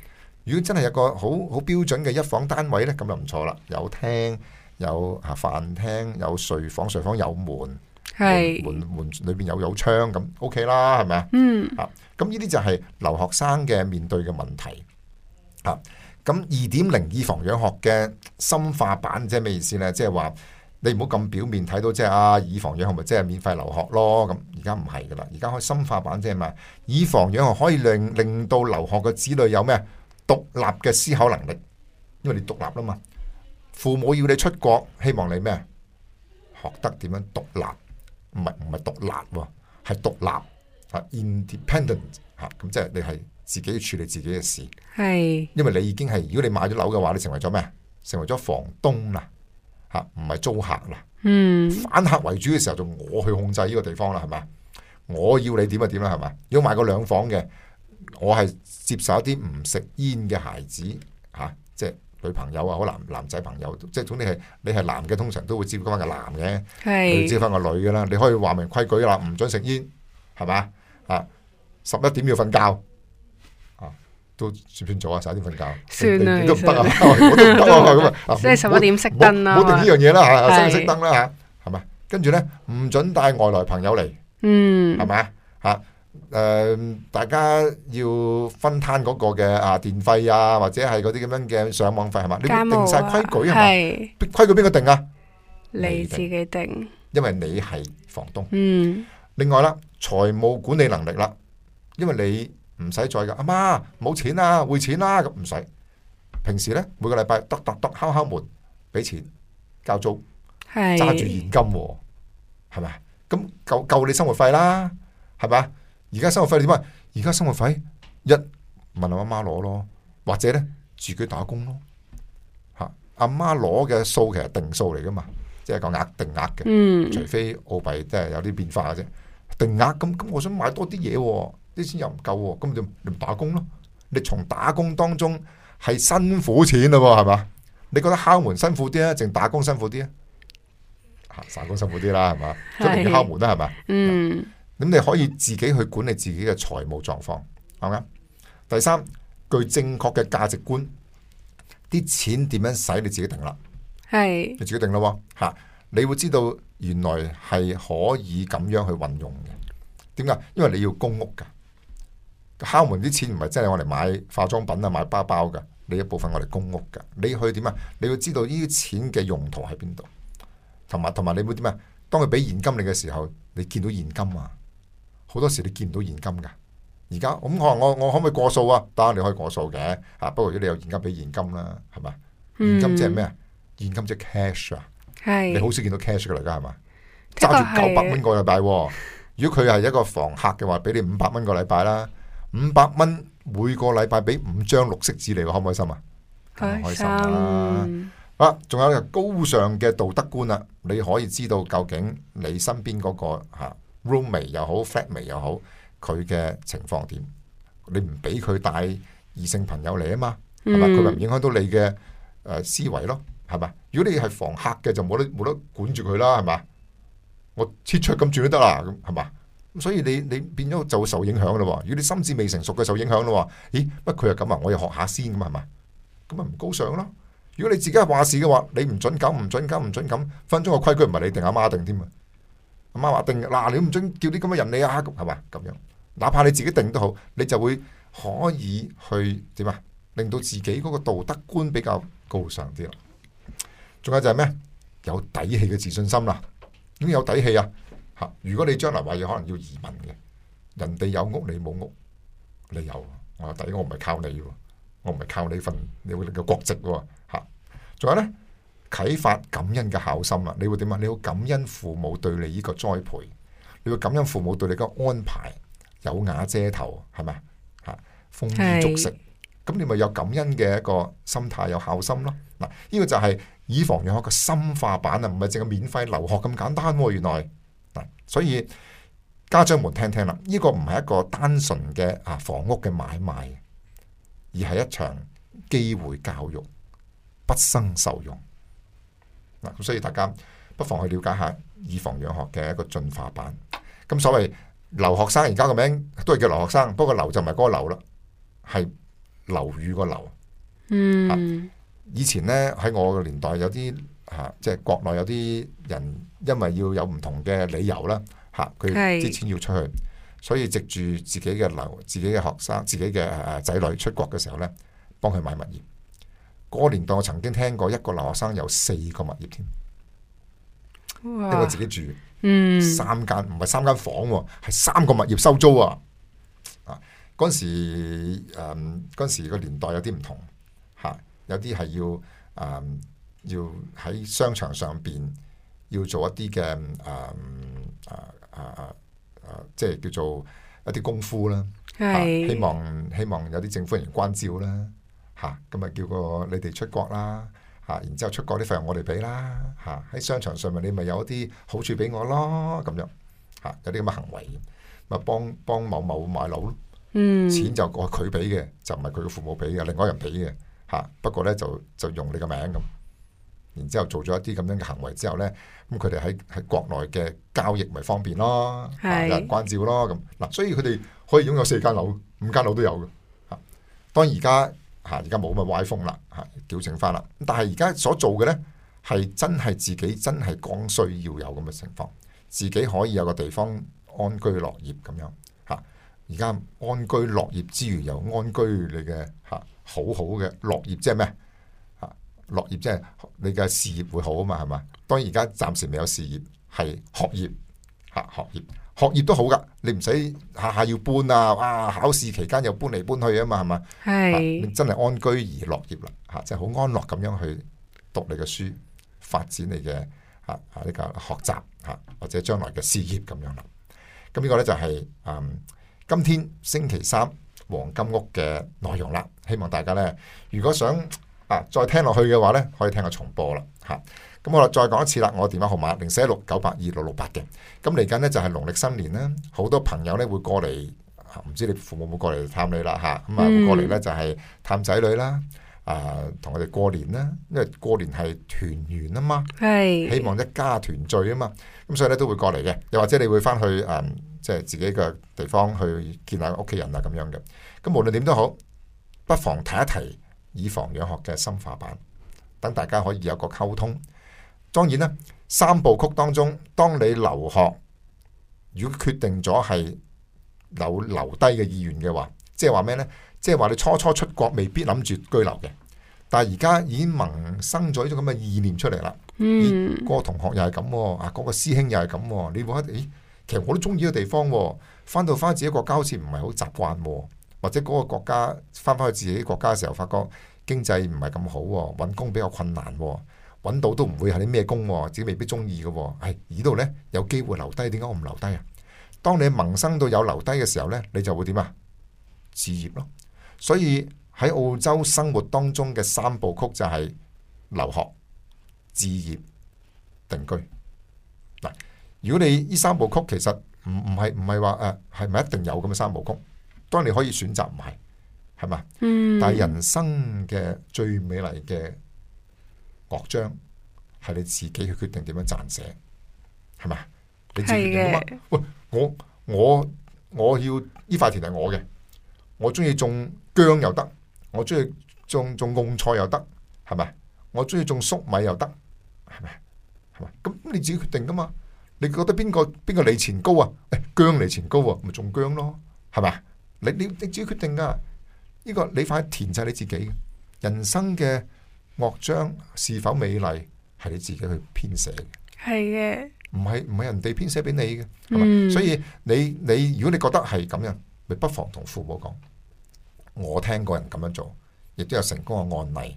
如果真係有個好好標準嘅一房單位咧，咁就唔錯啦，有廳有吓飯廳，有睡房，睡房有門。係門門，門裏邊有有窗咁，OK 啦，係咪、嗯、啊？嗯，啊，咁呢啲就係留學生嘅，面對嘅問題。啊，咁二點零以房養學嘅深化版即係咩意思咧？即係話你唔好咁表面睇到、啊，即係啊以房養學咪即係免費留學咯？咁而家唔係噶啦，而家開深化版即係咩？以房養學可以令令到留學嘅子女有咩獨立嘅思考能力，因為你獨立吖嘛。父母要你出國，希望你咩學得點樣獨立。唔係唔係獨立喎、啊，係獨立嚇、啊，independent 嚇、啊，咁即係你係自己處理自己嘅事。係，因為你已經係，如果你買咗樓嘅話，你成為咗咩？成為咗房東啦，嚇、啊，唔係租客啦。嗯，反客為主嘅時候，就我去控制呢個地方啦，係嘛？我要你點就點啦，係嘛？如果買個兩房嘅，我係接受一啲唔食煙嘅孩子嚇、啊，即係。女朋友啊，可能男仔朋友，即係總之係你係男嘅，通常都會接翻個男嘅，接翻個女嘅啦。你可以話明規矩啦，唔准食煙，係嘛啊？十一點要瞓覺，啊都算唔算早啊，十一點瞓覺，算了！都唔得啊，了我都唔得啊咁啊。即係十一點熄燈啦，我定呢樣嘢啦吓，十一點熄燈啦吓，係嘛啊？跟住咧唔准帶外來朋友嚟，嗯，係嘛啊？誒、呃，大家要分攤嗰個嘅啊電費啊，或者係嗰啲咁樣嘅上網費係嘛？啊、你定晒規矩係嘛？規是矩邊個定啊？你自己定，因為你係房東。嗯。另外啦，財務管理能力啦，因為你唔使再噶阿媽冇錢啦、啊，匯錢啦、啊，咁唔使。平時咧，每個禮拜得得得敲敲門，俾錢交租，揸住現金、啊，係咪是？咁夠夠你生活費啦，係咪？而家生活費點啊？而家生活費一問阿媽攞咯，或者咧自己打工咯。吓，阿媽攞嘅數其實定數嚟噶嘛，即係講額定額嘅。嗯。除非澳幣即係有啲變化嘅啫，定額咁咁，我想買多啲嘢喎，啲錢又唔夠喎，咁就唔打工咯。你從打工當中係辛苦錢咯，係嘛？你覺得敲門辛苦啲啊，定打工辛苦啲啊？吓，打工辛苦啲啦，係嘛？即係要敲門啦，係嘛？嗯。咁你可以自己去管理自己嘅財務狀況，係咪？第三，具正確嘅價值觀，啲錢點樣使你自己定啦，係是你自己定咯吓。你會知道原來係可以咁樣去運用嘅。點解？因為你要供屋噶敲門啲錢唔係真係我嚟買化妝品啊、買包包噶你一部分我嚟供屋噶你去點啊？你會知道呢啲錢嘅用途喺邊度，同埋同埋你會點啊？當佢俾現金你嘅時候，你見到現金啊？好多時你見唔到現金噶，而家咁我我我可唔可以過數啊？當然你可以過數嘅，啊，不過如果你有現金，俾現金啦，係嘛、嗯？現金即係咩啊？現金即係 cash 啊，係你好少見到 cash 噶啦，而家係嘛？揸住九百蚊個禮拜、啊，如果佢係一個房客嘅話，俾你五百蚊個禮拜啦、啊，五百蚊每個禮拜俾五張綠色紙你，會開唔開心啊？開心啦、啊！心好啦，仲有個高尚嘅道德觀啊。你可以知道究竟你身邊嗰、那個吓。啊 roommate 又好，flatmate 又好，佢嘅情況點？你唔俾佢帶異性朋友嚟啊嘛，係嘛、mm.？佢咪唔影響到你嘅誒思維咯，係嘛？如果你係房客嘅，就冇得冇得管住佢啦，係嘛？我切出咁住都得啦，咁係嘛？咁所以你你變咗就會受影響啦。如果你心智未成熟嘅，受影響啦。咦？乜佢又咁啊？我又學下先咁係嘛？咁咪唔高尚咯？如果你自己係話事嘅話，你唔准咁唔准咁唔准咁，准分鐘嘅規矩唔係你定阿媽定添啊？阿媽話定嗱、啊，你唔准叫啲咁嘅人嚟啊，係嘛咁樣。哪怕你自己定都好，你就會可以去點啊？令到自己嗰個道德觀比較高尚啲啦。仲有就係咩？有底氣嘅自信心啦。咁有底氣啊！吓，如果你將來話有可能要移民嘅，人哋有屋你冇屋，你有我有底，我唔係靠你喎，我唔係靠你份你會令到國籍喎。吓，仲有咧。啟發感恩嘅孝心啦，你會點啊？你會感恩父母對你呢個栽培，你會感恩父母對你嘅安排，有瓦遮頭係咪啊？豐衣足食咁，是你咪有感恩嘅一個心態，有孝心咯呢、呢個就係以房養學嘅深化版啊，唔係淨係免費留學咁簡單喎、啊。原來所以家長們聽聽啦，呢、呢個唔係一個單純嘅啊房屋嘅買賣，而係一場機會教育，不生受用。嗱，所以大家不妨去了解下以房養學嘅一個進化版。咁所謂留學生而家個名都係叫留學生，不過留就唔係嗰個留啦，係樓宇個樓。嗯。以前呢，喺我嘅年代有，有啲嚇，即係國內有啲人因為要有唔同嘅理由啦，嚇佢啲錢要出去，是所以藉住自己嘅留、自己嘅學生、自己嘅仔女出國嘅時候呢，幫佢買物業。嗰個年代我曾經聽過一個留學生有四個物業添，哇因為自己住，嗯，三間唔係三間房喎，啊，係三個物業收租啊！啊，嗰時誒，嗰、嗯、時個年代有啲唔同吓，啊，有啲係要誒、啊、要喺商場上邊要做一啲嘅誒誒誒誒，即係叫做一啲功夫啦，係是、啊、希望希望有啲政府人員關照啦。吓咁咪叫個你哋出國啦，吓、啊、然之後出國啲費用我哋俾啦，吓、啊、喺商場上面，你咪有一啲好處俾我咯，咁、啊啊、樣吓有啲咁嘅行為，咪幫幫某某買樓，嗯，錢就個佢俾嘅，就唔係佢嘅父母俾嘅，另外一人俾嘅，吓、啊、不過咧就就用你個名咁、啊，然之後做咗一啲咁樣嘅行為之後咧，咁佢哋喺喺國內嘅交易咪方便咯，係是、啊、關照咯咁，嗱、啊、所以佢哋可以擁有四間樓、五間樓都有嘅，吓、啊、當而家。吓，而家冇乜歪風啦，吓矯正翻啦。但係而家所做嘅呢，係真係自己真係剛需要有咁嘅情況，自己可以有個地方安居樂業咁樣吓。而家安居樂業之餘，又安居你嘅吓好好嘅樂業，即係咩啊？吓樂業即係你嘅事業會好啊嘛，係嘛？當然而家暫時未有事業，係學業吓學業。學業學業都好噶，你唔使下下要搬啊！哇，考試期間又搬嚟搬去啊嘛，係嘛？係是、啊、真係安居而樂業啦，吓即係好安樂咁樣去讀你嘅書，發展你嘅吓吓呢個學習吓、啊、或者將來嘅事業咁樣啦。咁、啊、呢個呢，就係、是、嗯，今天星期三黃金屋嘅內容啦。希望大家呢，如果想啊再聽落去嘅話呢，可以聽我重播啦，吓、啊。咁我再講一次啦，我嘅電話號碼零四一六九八二六六八嘅。咁嚟緊呢，就係農曆新年啦，好多朋友呢會過嚟，唔知你父母會過嚟探你啦吓。咁、嗯、啊會過嚟呢，就係、是、探仔女啦，啊同佢哋過年啦，因為過年係團圓啊嘛，係是希望一家團聚啊嘛。咁所以呢，都會過嚟嘅，又或者你會翻去誒，即、嗯、係、就是、自己嘅地方去見下屋企人啊咁樣嘅。咁無論點都好，不妨提一提以房養學嘅深化版，等大家可以有個溝通。當然啦，三部曲當中，當你留學，如果決定咗係留留低嘅意願嘅話，即係話咩呢？即係話你初初出國未必諗住居留嘅，但係而家已經萌生咗一種咁嘅意念出嚟啦。嗯，個同學又係咁，啊、那、嗰個師兄又係咁，你會覺得：欸「咦，其實我都中意個地方喎、啊，翻到翻自己國家好似唔係好習慣喎、啊，或者嗰個國家翻翻去自己國家嘅時候發覺經濟唔係咁好喎、啊，揾工比較困難喎、啊。搵到都唔會係啲咩工、啊，自己未必中意嘅。喎、哎，係而度呢，有機會留低，點解我唔留低啊？當你萌生到有留低嘅時候呢，你就會點啊？置業咯。所以喺澳洲生活當中嘅三部曲就係留學、置業、定居。嗱，如果你呢三部曲其實唔唔係唔係話誒係咪一定有咁嘅三部曲？當你可以選擇唔係，係嘛？嗯、但係人生嘅最美麗嘅。國章係你自己去決定點樣撰寫，係咪？你自己決定噶嘛？是的 喂，我我我要呢塊田係我嘅，我中意種姜又得，我中意種種蕹菜又得，係咪？我中意種粟米又得，係咪？係嘛？咁你自己決定噶嘛？你覺得邊個邊個利錢高啊？姜利錢高啊，咪種姜咯，係咪？你你你自己決定噶，呢個你塊田就係你自己嘅人生嘅。樂章是否美麗，係你自己去編寫嘅，係嘅，唔係唔係人哋編寫俾你嘅，係嘛？嗯、所以你你如果你覺得係咁樣，你不妨同父母講，我聽過人咁樣做，亦都有成功嘅案例，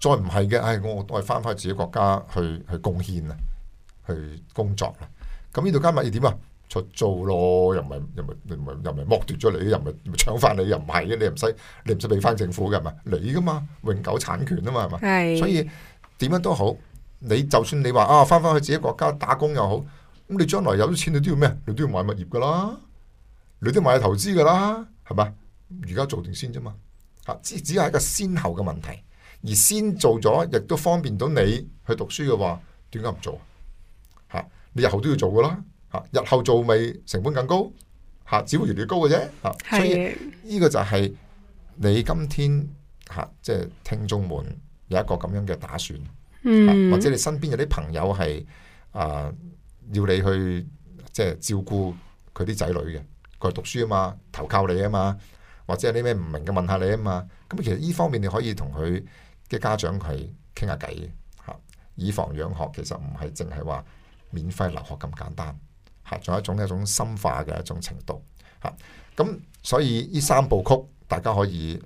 再唔係嘅，唉，我我翻翻自己國家去去貢獻啊，去工作啦，咁呢度加埋要點啊？出租咯，又唔係，又唔係，又唔係，又唔係剝奪咗你，又唔係，搶翻你，又唔係嘅，你唔使，你唔使俾翻政府嘅，係嘛？你噶嘛，永久產權啊嘛，係嘛？是所以點樣都好，你就算你話啊，翻返去自己國家打工又好，咁你將來有咗錢，你都要咩？你都要買物業噶啦，你都要買投資噶啦，係嘛？而家做定先啫嘛，嚇，只只係一個先後嘅問題，而先做咗亦都方便到你去讀書嘅話，點解唔做啊？嚇，你日後都要做噶啦。日後做咪成本更高，嚇，只會越嚟越高嘅啫。嚇的，所以呢個就係你今天嚇，即、就、係、是、聽眾們有一個咁樣嘅打算，嗯、或者你身邊有啲朋友係啊、呃，要你去即係、就是、照顧佢啲仔女嘅，佢讀書啊嘛，投靠你啊嘛，或者啲咩唔明嘅問下你啊嘛。咁其實呢方面你可以同佢嘅家長佢傾下偈嚇，以房養學其實唔係淨係話免費留學咁簡單。仲有一種一種深化嘅一種程度，嚇。咁所以呢三部曲，大家可以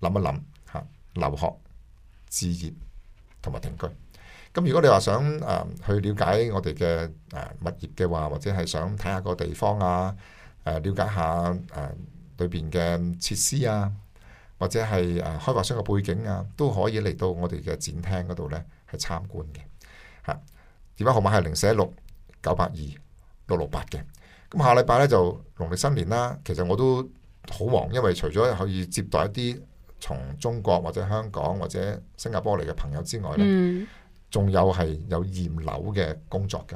諗一諗嚇。留學、置業同埋定居。咁如果你話想誒、呃、去了解我哋嘅誒物業嘅話，或者係想睇下個地方啊，誒、呃、了解下誒裏邊嘅設施啊，或者係誒、呃、開發商嘅背景啊，都可以嚟到我哋嘅展廳嗰度咧，係參觀嘅。嚇、呃，電話號碼係零四一六九八二六六八嘅，咁下禮拜咧就農曆新年啦。其實我都好忙，因為除咗可以接待一啲從中國或者香港或者新加坡嚟嘅朋友之外咧，仲、嗯、有係有驗樓嘅工作嘅。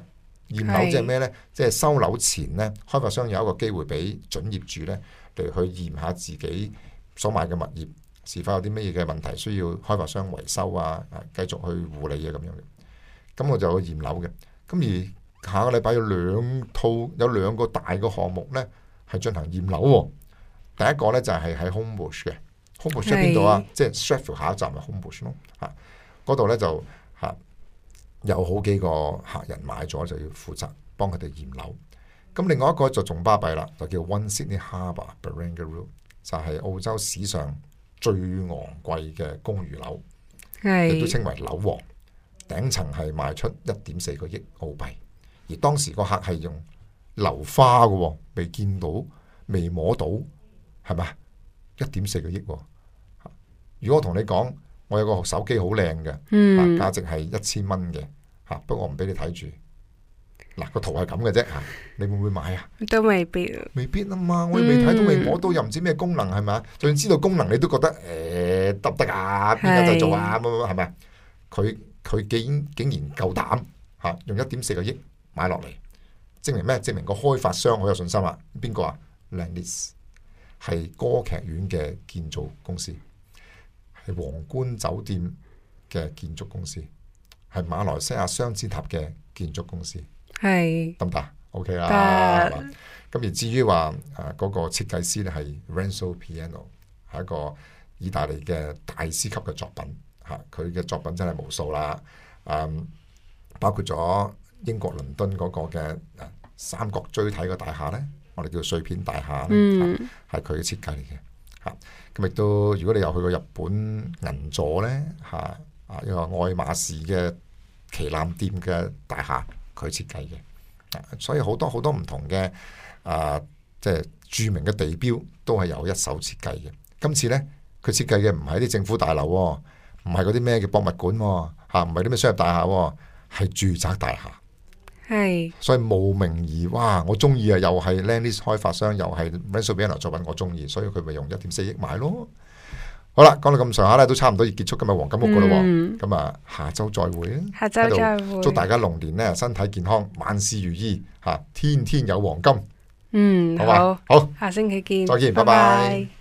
驗樓是即係咩咧？即係收樓前咧，開發商有一個機會俾準業主咧，嚟去驗下自己所買嘅物業是否有啲乜嘢嘅問題需要開發商維修啊，繼續去護理啊咁樣嘅。咁我就去驗樓嘅，咁而。下個禮拜有兩套有兩個大嘅項目咧，係進行驗樓、哦。第一個咧就係、是、喺 Homebush 嘅 Homebush 喺邊度啊？是即係 Strathfield 下一站係 Homebush 咯，嚇嗰度咧就嚇、啊、有好幾個客人買咗，就要負責幫佢哋驗樓。咁另外一個就仲巴閉啦，就叫 One Sydney Harbour Barangaroo 就係澳洲史上最昂貴嘅公寓樓，亦是都稱為樓王。頂層係賣出一點四個億澳幣。而當時個客係用流花嘅喎、哦，未見到，未摸到，係咪？一點四個億、哦。如果我同你講，我有個手機好靚嘅，價值係一千蚊嘅，嚇、啊，不過我唔俾你睇住。嗱個圖係咁嘅啫，嚇，你會唔會買啊？都未必，未必啊嘛！我又未睇到，未摸到，嗯、又唔知咩功能係咪啊？就算知道功能，你都覺得誒得唔得啊？邊個製造啊？咁樣係咪佢佢竟竟然夠膽嚇、啊、用一點四個億？買落嚟，證明咩？證明個開發商好有信心啊！邊個啊？Lendlease 係歌劇院嘅建造公司，係皇冠酒店嘅建築公司，係馬來西亞雙子塔嘅建築公司，係得唔得？OK 啦。咁而至於話誒，嗰個設計師咧係 Renzo Piano，係一個意大利嘅大師級嘅作品吓，佢嘅作品真係無數啦。嗯，包括咗。英國倫敦嗰個嘅三角錐體嘅大廈咧，我哋叫碎片大廈咧，係佢嘅設計嚟嘅嚇。咁亦都如果你又去過日本銀座咧嚇，啊又話愛馬仕嘅旗艦店嘅大廈，佢設計嘅。所以好多好多唔同嘅啊，即係著名嘅地標都係有一手設計嘅。今次咧，佢設計嘅唔係啲政府大樓、哦，唔係嗰啲咩嘅博物館嚇、哦，唔係啲咩商業大廈、哦，係住、哦、住宅大廈。係，是所以慕名而哇，我中意啊，又係靚啲開發商，又係 Reservoir，作品，我中意，所以佢咪用一點四億買咯。好啦，講到咁上下咧，都差唔多要結束，今日黃金屋噶啦，咁啊、嗯，下周再會，下周再會，祝大家龍年咧身體健康，萬事如意，吓天天有黃金。嗯，好，吧好，好，下星期見，再見，拜拜 bye。Bye bye。